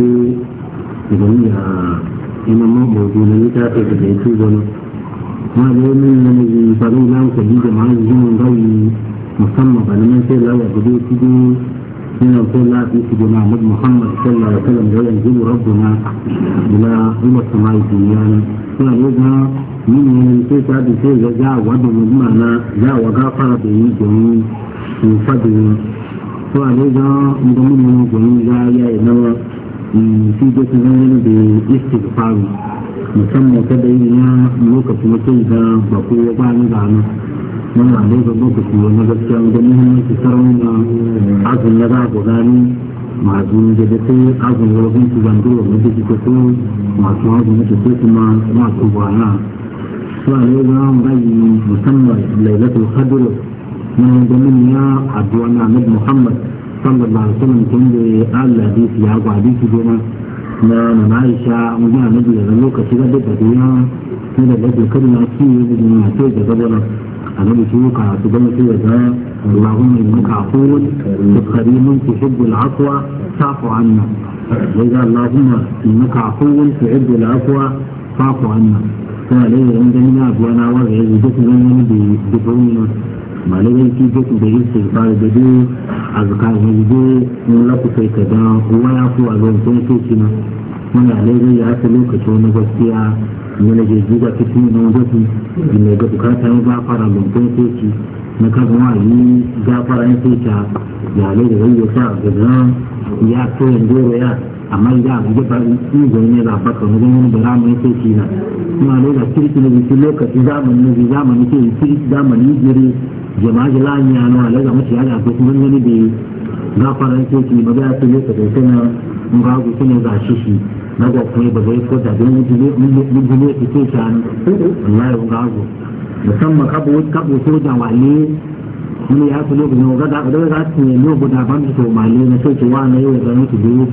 da إنما موجود لك تبدأ تقول ما لم من يفعلون لهم كبير مع الجنون غير مسمى فلما يصير له يعبدون تجي من رسول الله في سيدنا محمد صلى الله عليه وسلم لا ينزل ربنا إلى إلى السماء الدنيا suna yoga yin yin sai ta da sai ga za wa da mu na za wa ga fara da yi da yi su fadi suna yoga da mu ne da yi ga ya yi nawa في جسمان بالاستغفار musamman ta da yi lokacin mutum da ba ko ya ba ni da nan muna da yadda lokaci wani gaskiya da muhimmanci sarauni na azun na za ku gani masu da da sai azun na wajen su zandu wa wanda su ka so masu azun na ta sai kuma masu bana su a yau na bayi musamman lailatul qadr na ganin ya addu'a na Muhammad صلى الله عليه وسلم كان قال له دي ابو علي كده ما ما معيش وما نجي لما لو كده ده بدنا كده لازم كده ما في يجي ما في ده طبعا انا مش يوقع تبقى في ده اللهم انك عفو تكريم تحب العفو فاعفو عنا واذا اللهم انك عفو تحب العفو فاعفو عنا فعليه عندنا ابوانا وغيره بس لما نبي بدون malamin tijokin da yin shekara da dai a zakarin dai mun lakuta ka da kuma ya ko a zan sun ke shi na muna laifin ya aka lokaci wani gaskiya yana je gida fitin na wajen da mai ga bukata ya gafara lumfin soci na kafin ma yi gafara ya soci ya laifin ya sa gaza ya so yanzu ya amma idan abu ya ba in zaune za ba ka wajen da bara mai sai shi kuma ne da kirki na biki lokaci zamani na biki zamani ke kirki zamani jiri jama'a jira ni a nan alaga mace ya ga kuma gani da gafaran sai shi ba za su lokaci sai na in ga ku sai za shi shi na ga kuma ba zai ko da don mujile mujile ki sai ta ni wallahi ga musamman kabo kabo soja wale ne ya fi lokacin ga da ga da ga ne lokacin da ban to mali na sai ki wa na yau da mutu biyu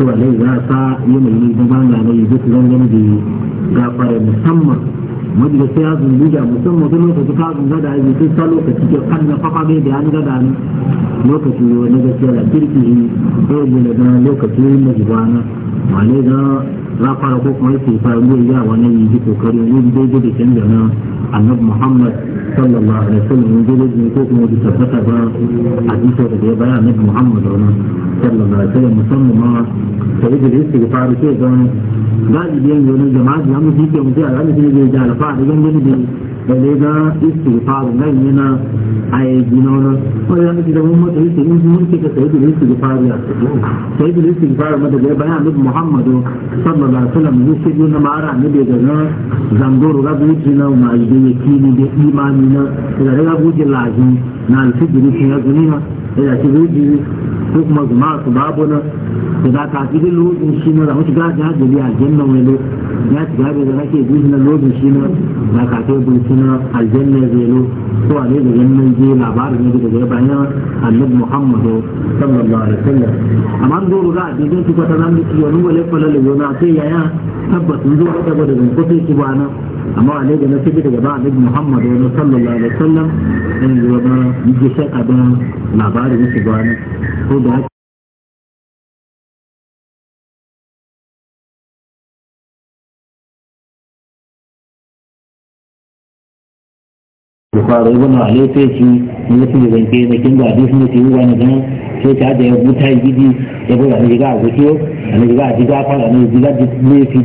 su walai ya sa yanayi da ba na mai duk zangon da gafara musamman wanda sai ya zumbi da musamman duk lokaci ka zunga da aiki sai sa lokaci ke kan na fafa bai da an gada ni lokaci ne na gaskiya da kirki ne sai ne da lokaci na jibana walai da rafara ko kuma yake fa ne ya wani yi kokari ne daidai da canza na annabi muhammad sallallahu alaihi wasallam ne daidai ne ko kuma da tabbata ba a jisa da ya bayan annabi muhammad sallallahu alaihi wasallam musamman ma sai da yake faru sai ga galibi yanzu wani jama'a da mu dike mu da Allah ne zai ja alfa da gangan da da ne ga istighfar nan yana ai gina wannan ko ya miki da mun da yake in mun ke da sai da istighfar ya sai da istighfar ma da ga bayan da Muhammadu sallallahu alaihi wasallam ne shi ne mara ne da ga zangoro ga buji na ma yi da yake ni da imani na da ga buji lahi na alfijiri ya da shi ruji ko kuma zuma su babu nan da za ka cikin lojin shi na zama shiga da hajjali aljanna wani lo ya shiga da na shi na da ka ce bin shi na zai lo ko a ne da yannan je labarin ne daga ya bayan annabi muhammadu sallallahu alaihi wasallam amma dole za a je zai ci kwata zan ciwo wani wale kwalalo yana sai yaya tabbas mun zuwa saboda zan kusa shi ba nan amma wale da na tafi daga ba annabi Muhammad wa sallallahu alaihi wasallam in zuwa ba yake shaka da labarin shi ba nan ko da وقال ابن علي تيجي مثل بين كي لكن بعد اسمه sai da ya buta gidi ya bai wani jiga a gokiyo da da shi a fara ya da jiga laifi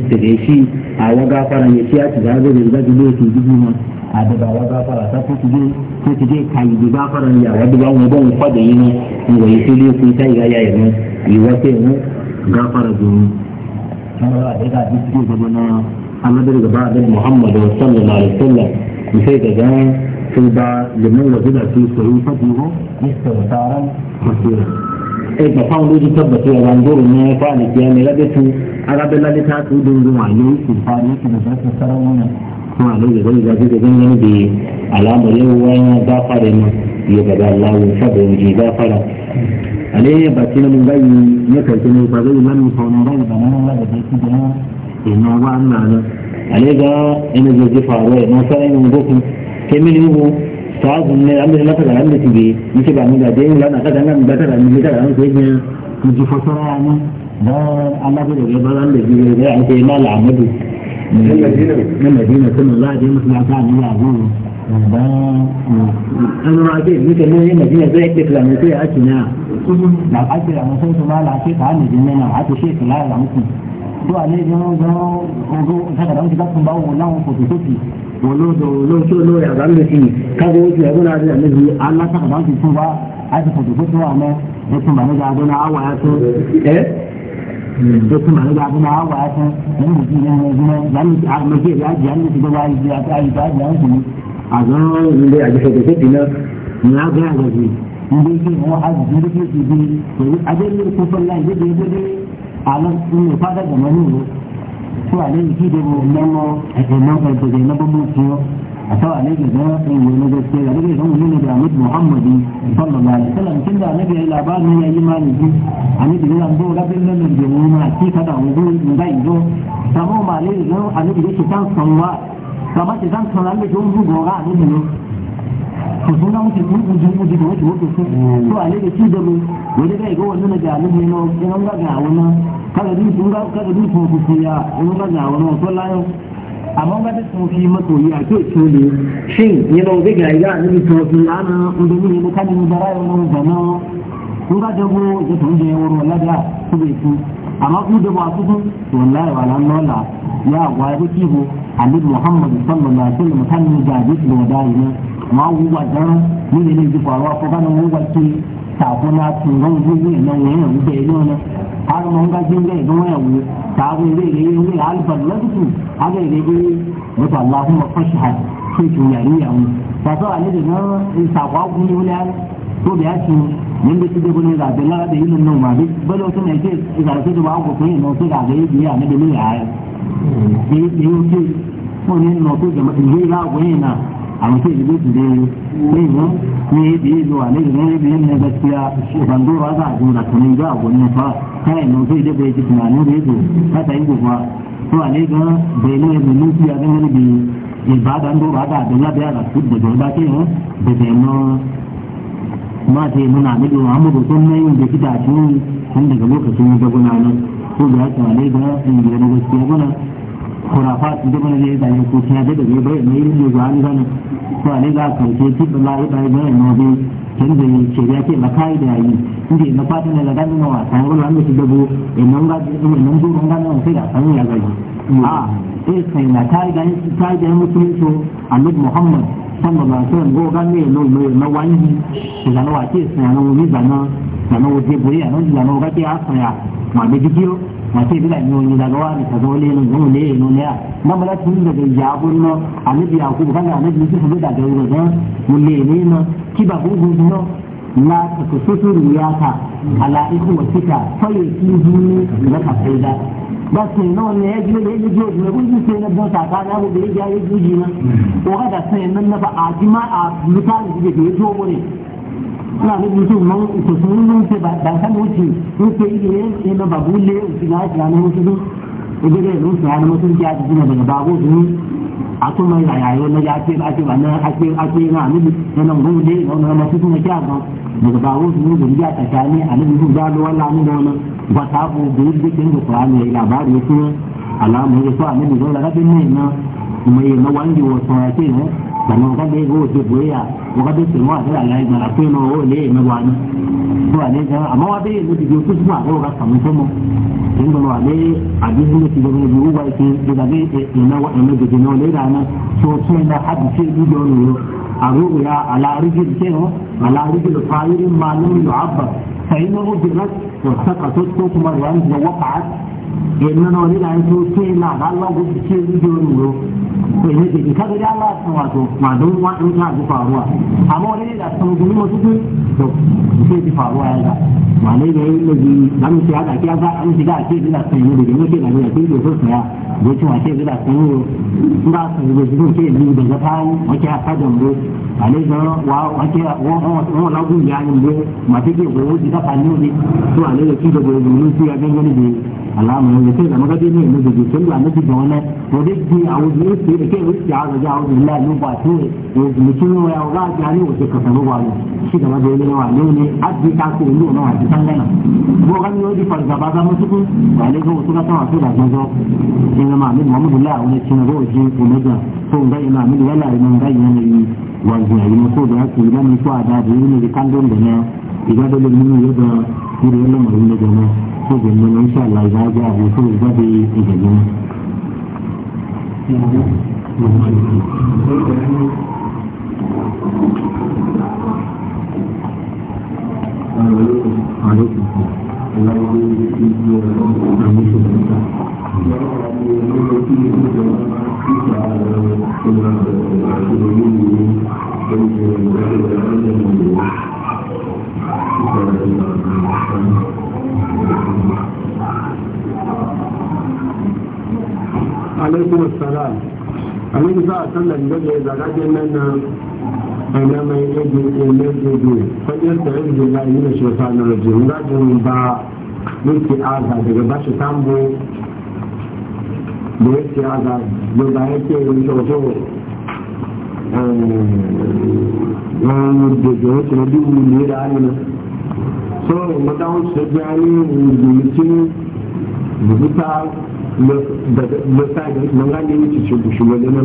gidi ma a daga waga fara ta ko tuje ko fara ya mu ban ne in ga yi ku ta ya yi ne yi wata yi ga fara gini kana da daga duk da na Allah da gaba da Muhammadu sallallahu alaihi wasallam sai da ga sai you liman da guda su sayi fadihu istawtaran masira e ga fa wuri tabbata ya ran dole ne fa ne ke ne labe tu arabe labe ta tu dun zuwa ne su fa Allah tèmi ni wo sàáfù ní amúlẹ̀ látàlá amúlẹ̀ ti bèè ní ṣe bá mi gbàdé ń lọ nàkàtà náà gbàtàlà mi gbàtàlà ń pè é yẹn mo ti fọ́ sọ́ra ní bọ́ọ̀ alábẹ̀rẹ̀ rẹ̀ bọ́ọ̀ amúlẹ̀ ti bèè rẹ̀ àti ẹ̀ má là àmọ́dù. ní mẹ̀dínà tó nù láàdé mùsùlùmí àbúrò an rage duka ne madina zai ke filamu sai a cinya na ake da mutum su ma lafi ta hannun jinnan a ta shekula da mutum tó alẹ́ ní wọ́n gan ọgọ́ ìṣàkàdá ń ti bá tún bá wọn láwọn kò tó tóbi wọn ló dọ̀ ló tó ló yàrá ń lè fi káwọ́ oṣù ẹ̀rọ náà rí àlejò alásàkàdá ń ti tún bá àti kò tó tó tó àmọ́ ẹtún bàmí dáadọ́ náà á wà á tó ẹ́ ẹtún bàmí dáadọ́ náà á wà mi ti yẹn ẹgbẹ́ yàrá mi àmọ́jẹ́ ìyá àjẹ́ àmì ti gbọ́dọ̀ àyè àyè àjẹ́ àǹkùn àgbọ̀n ilé àjẹsẹ̀ tó àmọ́ nínú fáfẹ́ gbọ̀mọ́ ní ìlú tó wà lẹ́yìn kí ìdìbò mẹ́mọ́ ẹ̀jẹ̀ mẹ́fẹ́ ìgbẹ̀jẹ̀ mẹ́bọ́mọ́ fi ọ́ àtàwọn àlejò náà ìwé lọ́jọ́ pé àlejò náà wọ́n nílò àmì muhammadu sọlọ́lá àdìsọ́lá ní kíndà àlejò yẹn làbá ní ayé máa nì bí àmì ìdílé náà ń bọ́ lábẹ́ lọ́nà ìdè wọn máa kí ti tán sàn wá tàbá ti tán sàn àlejò ń bú kusun na muke kun kun jin muke da wato wato to ale da ci da mu wani da ga wani da alim ne na in ga ga kada bi kun ga kada din kun ku ya in ga ga wannan to layo amma ga da sun fi mato a to to ne shin ni no ga ga ni to fi ana inda ni ne kan ni da rayo mun ga no kun ga dago da tun da yawar wallahi da ku bai ku amma ku da masu sun wallahi wallahi wallahi ya gwa ya ku annabi muhammad sallallahu alaihi wasallam kan ni da da dai ne ma wuwa dan ni ne ne ji faruwa ko kana wuwa ke tafi na tunan gugu na wayan da ya nuna har mun ga jin gai don wayan wu ta gun zai ga yin wai albar lafisu a ga ga yi wata allahumma fashha ke tunani ya mu ta so ale da nan sakwa guni wani ko amma sai ibu su dai ne ne ne da yi zuwa ne ne da yi ne gaskiya bandora za a jura ta ne ga gwani fa kai nan sai da bai ji tunanin da yake ka ta yi gufa to a ne ga bai ne mai nufi a ganin da ibada ndo ba da da labiya da su da da ke ne da da no ma ce muna mido Muhammadu sun nayin da kita tun daga lokacin da guna nan ko da ya tsare ga inda ya kurafa duk wani zai zaye ko kina da zai bai mai yin da zuwa zan ko ba yi bai bai no bi tun da ni ce ya ce ba kai da yi inda na fata ne laga da wa kan wannan da dabo in nan da mun nan zuwa nan sai da san ya gaji a eh sai na kai da ni kai da mu kin to annabi muhammad sallallahu alaihi wasallam go ga ne no no na wani shi da wa ke sai na mu bi da na na mu je buri na mu ga ke asaya ma mace bila yi wani daga wani ka zo ne nan ne no ne na mala tun daga jabun no annabi yakub kan annabi yusuf da daga wani da mun ne ne no kiba bugu no la ta kusutu riyata ala ihu wa sita fayi kiji ne da ka faida ba su ne wannan ya jiyo da ya jiyo da kun ji sai na don saka na mu da ya jiyo na ko kada sai nan na ba a jima a mutane da ke jiyo mu ne na ne mutum man ko sun mun ce ba dan kan wuce mun ce ile ne na babule na ya ne wuce ne ne mun sa ne mutum ya ji daga babu su a to mai yayo na ya ba ce ba na ake ake na ne ne nan gode na na mutum kuma ya ga daga babu su ne ya ta tani a ne mutum da lo wala mun da ba ta bu da kin da Qur'ani ya labari ya alamu ya so annabi zo da rabin ne na mai na wange wa saurace ne sannan ka dai go je boya ko ka dai mu da Allah ya mara ko no o le me wani ko ne ga amma wa dai ne ji ko kuma ko ka samu kuma in ba wa dai a duk ne ki gobe ne ruwa ki da dai e na wa ne da ne le da na so ce da hadu ce ni don ne a ruya ala rijil ce no ala rijil fa'irin ma lam yu'abba fa inna ujirat wa saqatat ko kuma wa waqa'at in na no le da so ce na Allah go ne da ka ga Allah wato ma don wa in ta ji faruwa amma wani da san gumi mutu to sai ji faruwa ya ga ma ne da yin laji da mu ya da kiya ba an shiga ke da san yi da ne ke da ne ke da so saya ko cewa ke da san yi ba san yi da ke ni da ga tawo wace ha da mu ale da wa wace wa wa la gun ya ni mu ma take go ji ta fani ne to ale da ki da go ni ya ga ni اللهم من يصير لما قد يمين نجي يصير لا نجي دونا ودي أعوذ بالله إذا كان ويسي عز أعوذ بالله لو باتوه يزمتونه ويوغاد يعني وتكفنه وعليه شيء كما جاي لنا وعليه أدي كاكو إليه نوع تسان لنا وغني ودي فرزبا ذا مسكو وعليه وصولة وعصولة جنزو إنما من محمد الله ونسينا روجي ونجا فون غير ما من ولا من غير من wajen yi mutu da haka idan mutu a daji yi ne da kan don da na idan da lalmi ne da kuri yana marin da gana ko gani na insha Allah ya جاء في كل باب إجابة عليكم Thank you. alaikum assalam alaikum sa sallan da ya zaga nan na ana mai yaji ne yaji fadin da yaji da ni ne shi fa na rajin ba miki aza daga bashi tambo da yake aza da ba yake yin jojo wani da da yake na dubu ne da amina so mata wasu da jani da mutum da mọ́sáàgì mọ́ngàdé ní ti ṣe gbùsù lọ́dẹ́ náà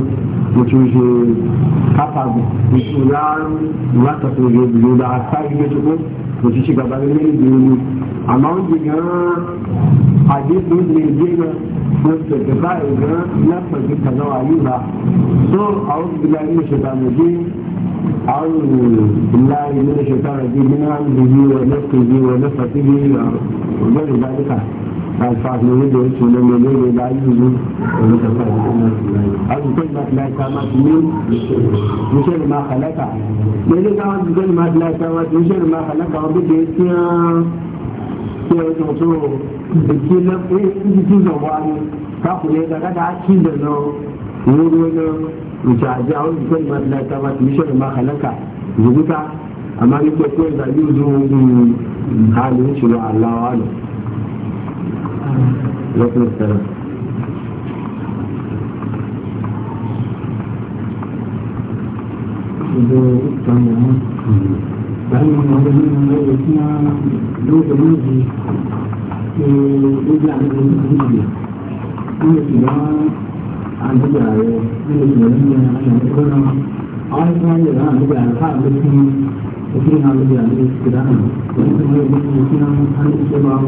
mo ti ṣe kápágù gbùsù láàrú látàkùn ìṣe ìlú la sáàgì méjì kó mo ti ṣe bàbá lórí ìlú ìlú àmọ́ ó di gan-an àdéhùn ilé ìdí náà mo ti tẹ̀tẹ̀ báyìí gan-an lápẹ̀lú kànáà àyíká tó àwọn ìgbìlá ilé ìṣẹ̀dá mọ̀jú أعوذ بالله من الشيطان الرجيم من أمره ونفسه ونفسه وغير ذلك àìsàn lórí lórí tó lórí lórí láyé ìlú àdúgbò ìmọ̀tìláìka máa ti ní iṣẹ́ ìmọ̀ àkàlẹ́kà lórí káwọn àdúgbò ìmọ̀tìláìka máa ti iṣẹ́ ìmọ̀ àkàlẹ́kà wọn bí kìí tí wọ́n tí wọ́n tó tó èkí lọ́pẹ́ títí tí ìzọ̀ wá ní káfùlẹ̀ dàgádà kí ìdènà lórí ọ̀nà ìjà àjẹ́ àwọn àdúgbò ìmọ̀tìláìka máa ti iṣẹ́ ìmọ̀ àkàlẹ́kà ìdùkúta àmọ́ nípa pé ìgbà yóò dún àlè ń ṣòro àlà wa lọ lọ́pọ̀ sẹ́lẹ̀. Ìjọ ìtàwọn ọmọ báyìí wọn lọ nínú ẹgbẹ́ tí wọ́n lóògbé méjì ṣe lójú àgbẹ̀ méjì. Wọ́n ti bá àdúgbà rẹ̀ ní oṣù nínú àyànfẹ́ náà. Àwọn tí wọ́n lè rán àdúgbà rẹ̀ káàkiri fún òfin àdúgbà rẹ̀ ti dáhùn. Wọ́n ti mọ ẹgbẹ́ tí wọ́n ti ń ṣe máa ń.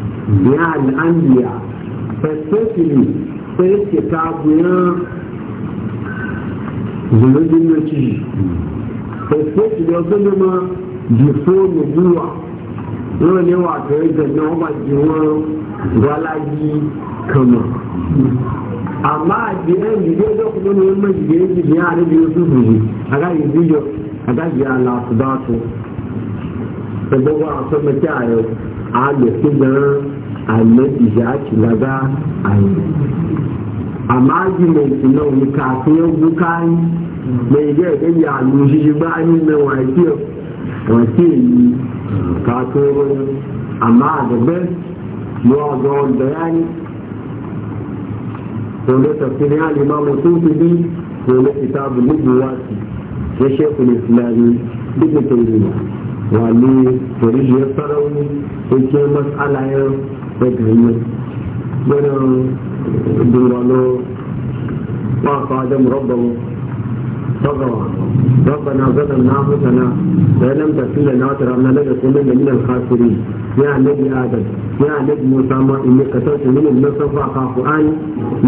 ya al'ambiya especially sai ke ta buya zunubin na ci especially wasu nema jifo nubuwa yau ne wa ta yi ganna wa jiwon galagi kama amma a jiyan jide da kuma ne mai jide jide ya ne biyu su a ga yi a ga yi ala su da gbogbo a san mace a yau a da da alẹ́ ìyá àtìlágá àyè àmọ́ àjùmọ̀tì náà ní kàfin ogún káyín gbẹ̀yẹ́ ẹ̀yẹ àlù ṣíṣe bá ní mẹ́wàá ẹ̀kí ọ̀ wọ́n sì èyí kàfin ogún àmọ́ àgbẹ̀ ló ọ̀dọ́ ọ̀dọ́ yáyí wọ́n lọ́tọ̀ àlùmọ́ mo tún fi bí wọ́n lọ́ kìtàbù wá sí ṣe ṣe kò lè fi láyé dípò tó lè wà ní torí ìyẹn fẹ́ràn ó ẹgbẹ̀rẹ̀ gbẹ́nà ìdúnwàlọ́ wà fàájẹ́ mọ̀rọ̀bọ̀wọ̀ صغرا ربنا ظلمنا انفسنا وان لم تغفر لنا وترحمنا لنكونن من الخاسرين يا نبي ادم يا نبي موسى ما اني قتلت من النفس فاخاف ان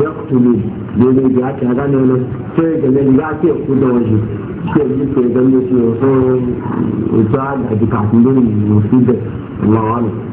يقتلني لذي جاءت هذا نونا سيد من ذاتي يقود وجهي سيد سيد من يسير وصول وصال ادكاتلين وصيدة الله اعلم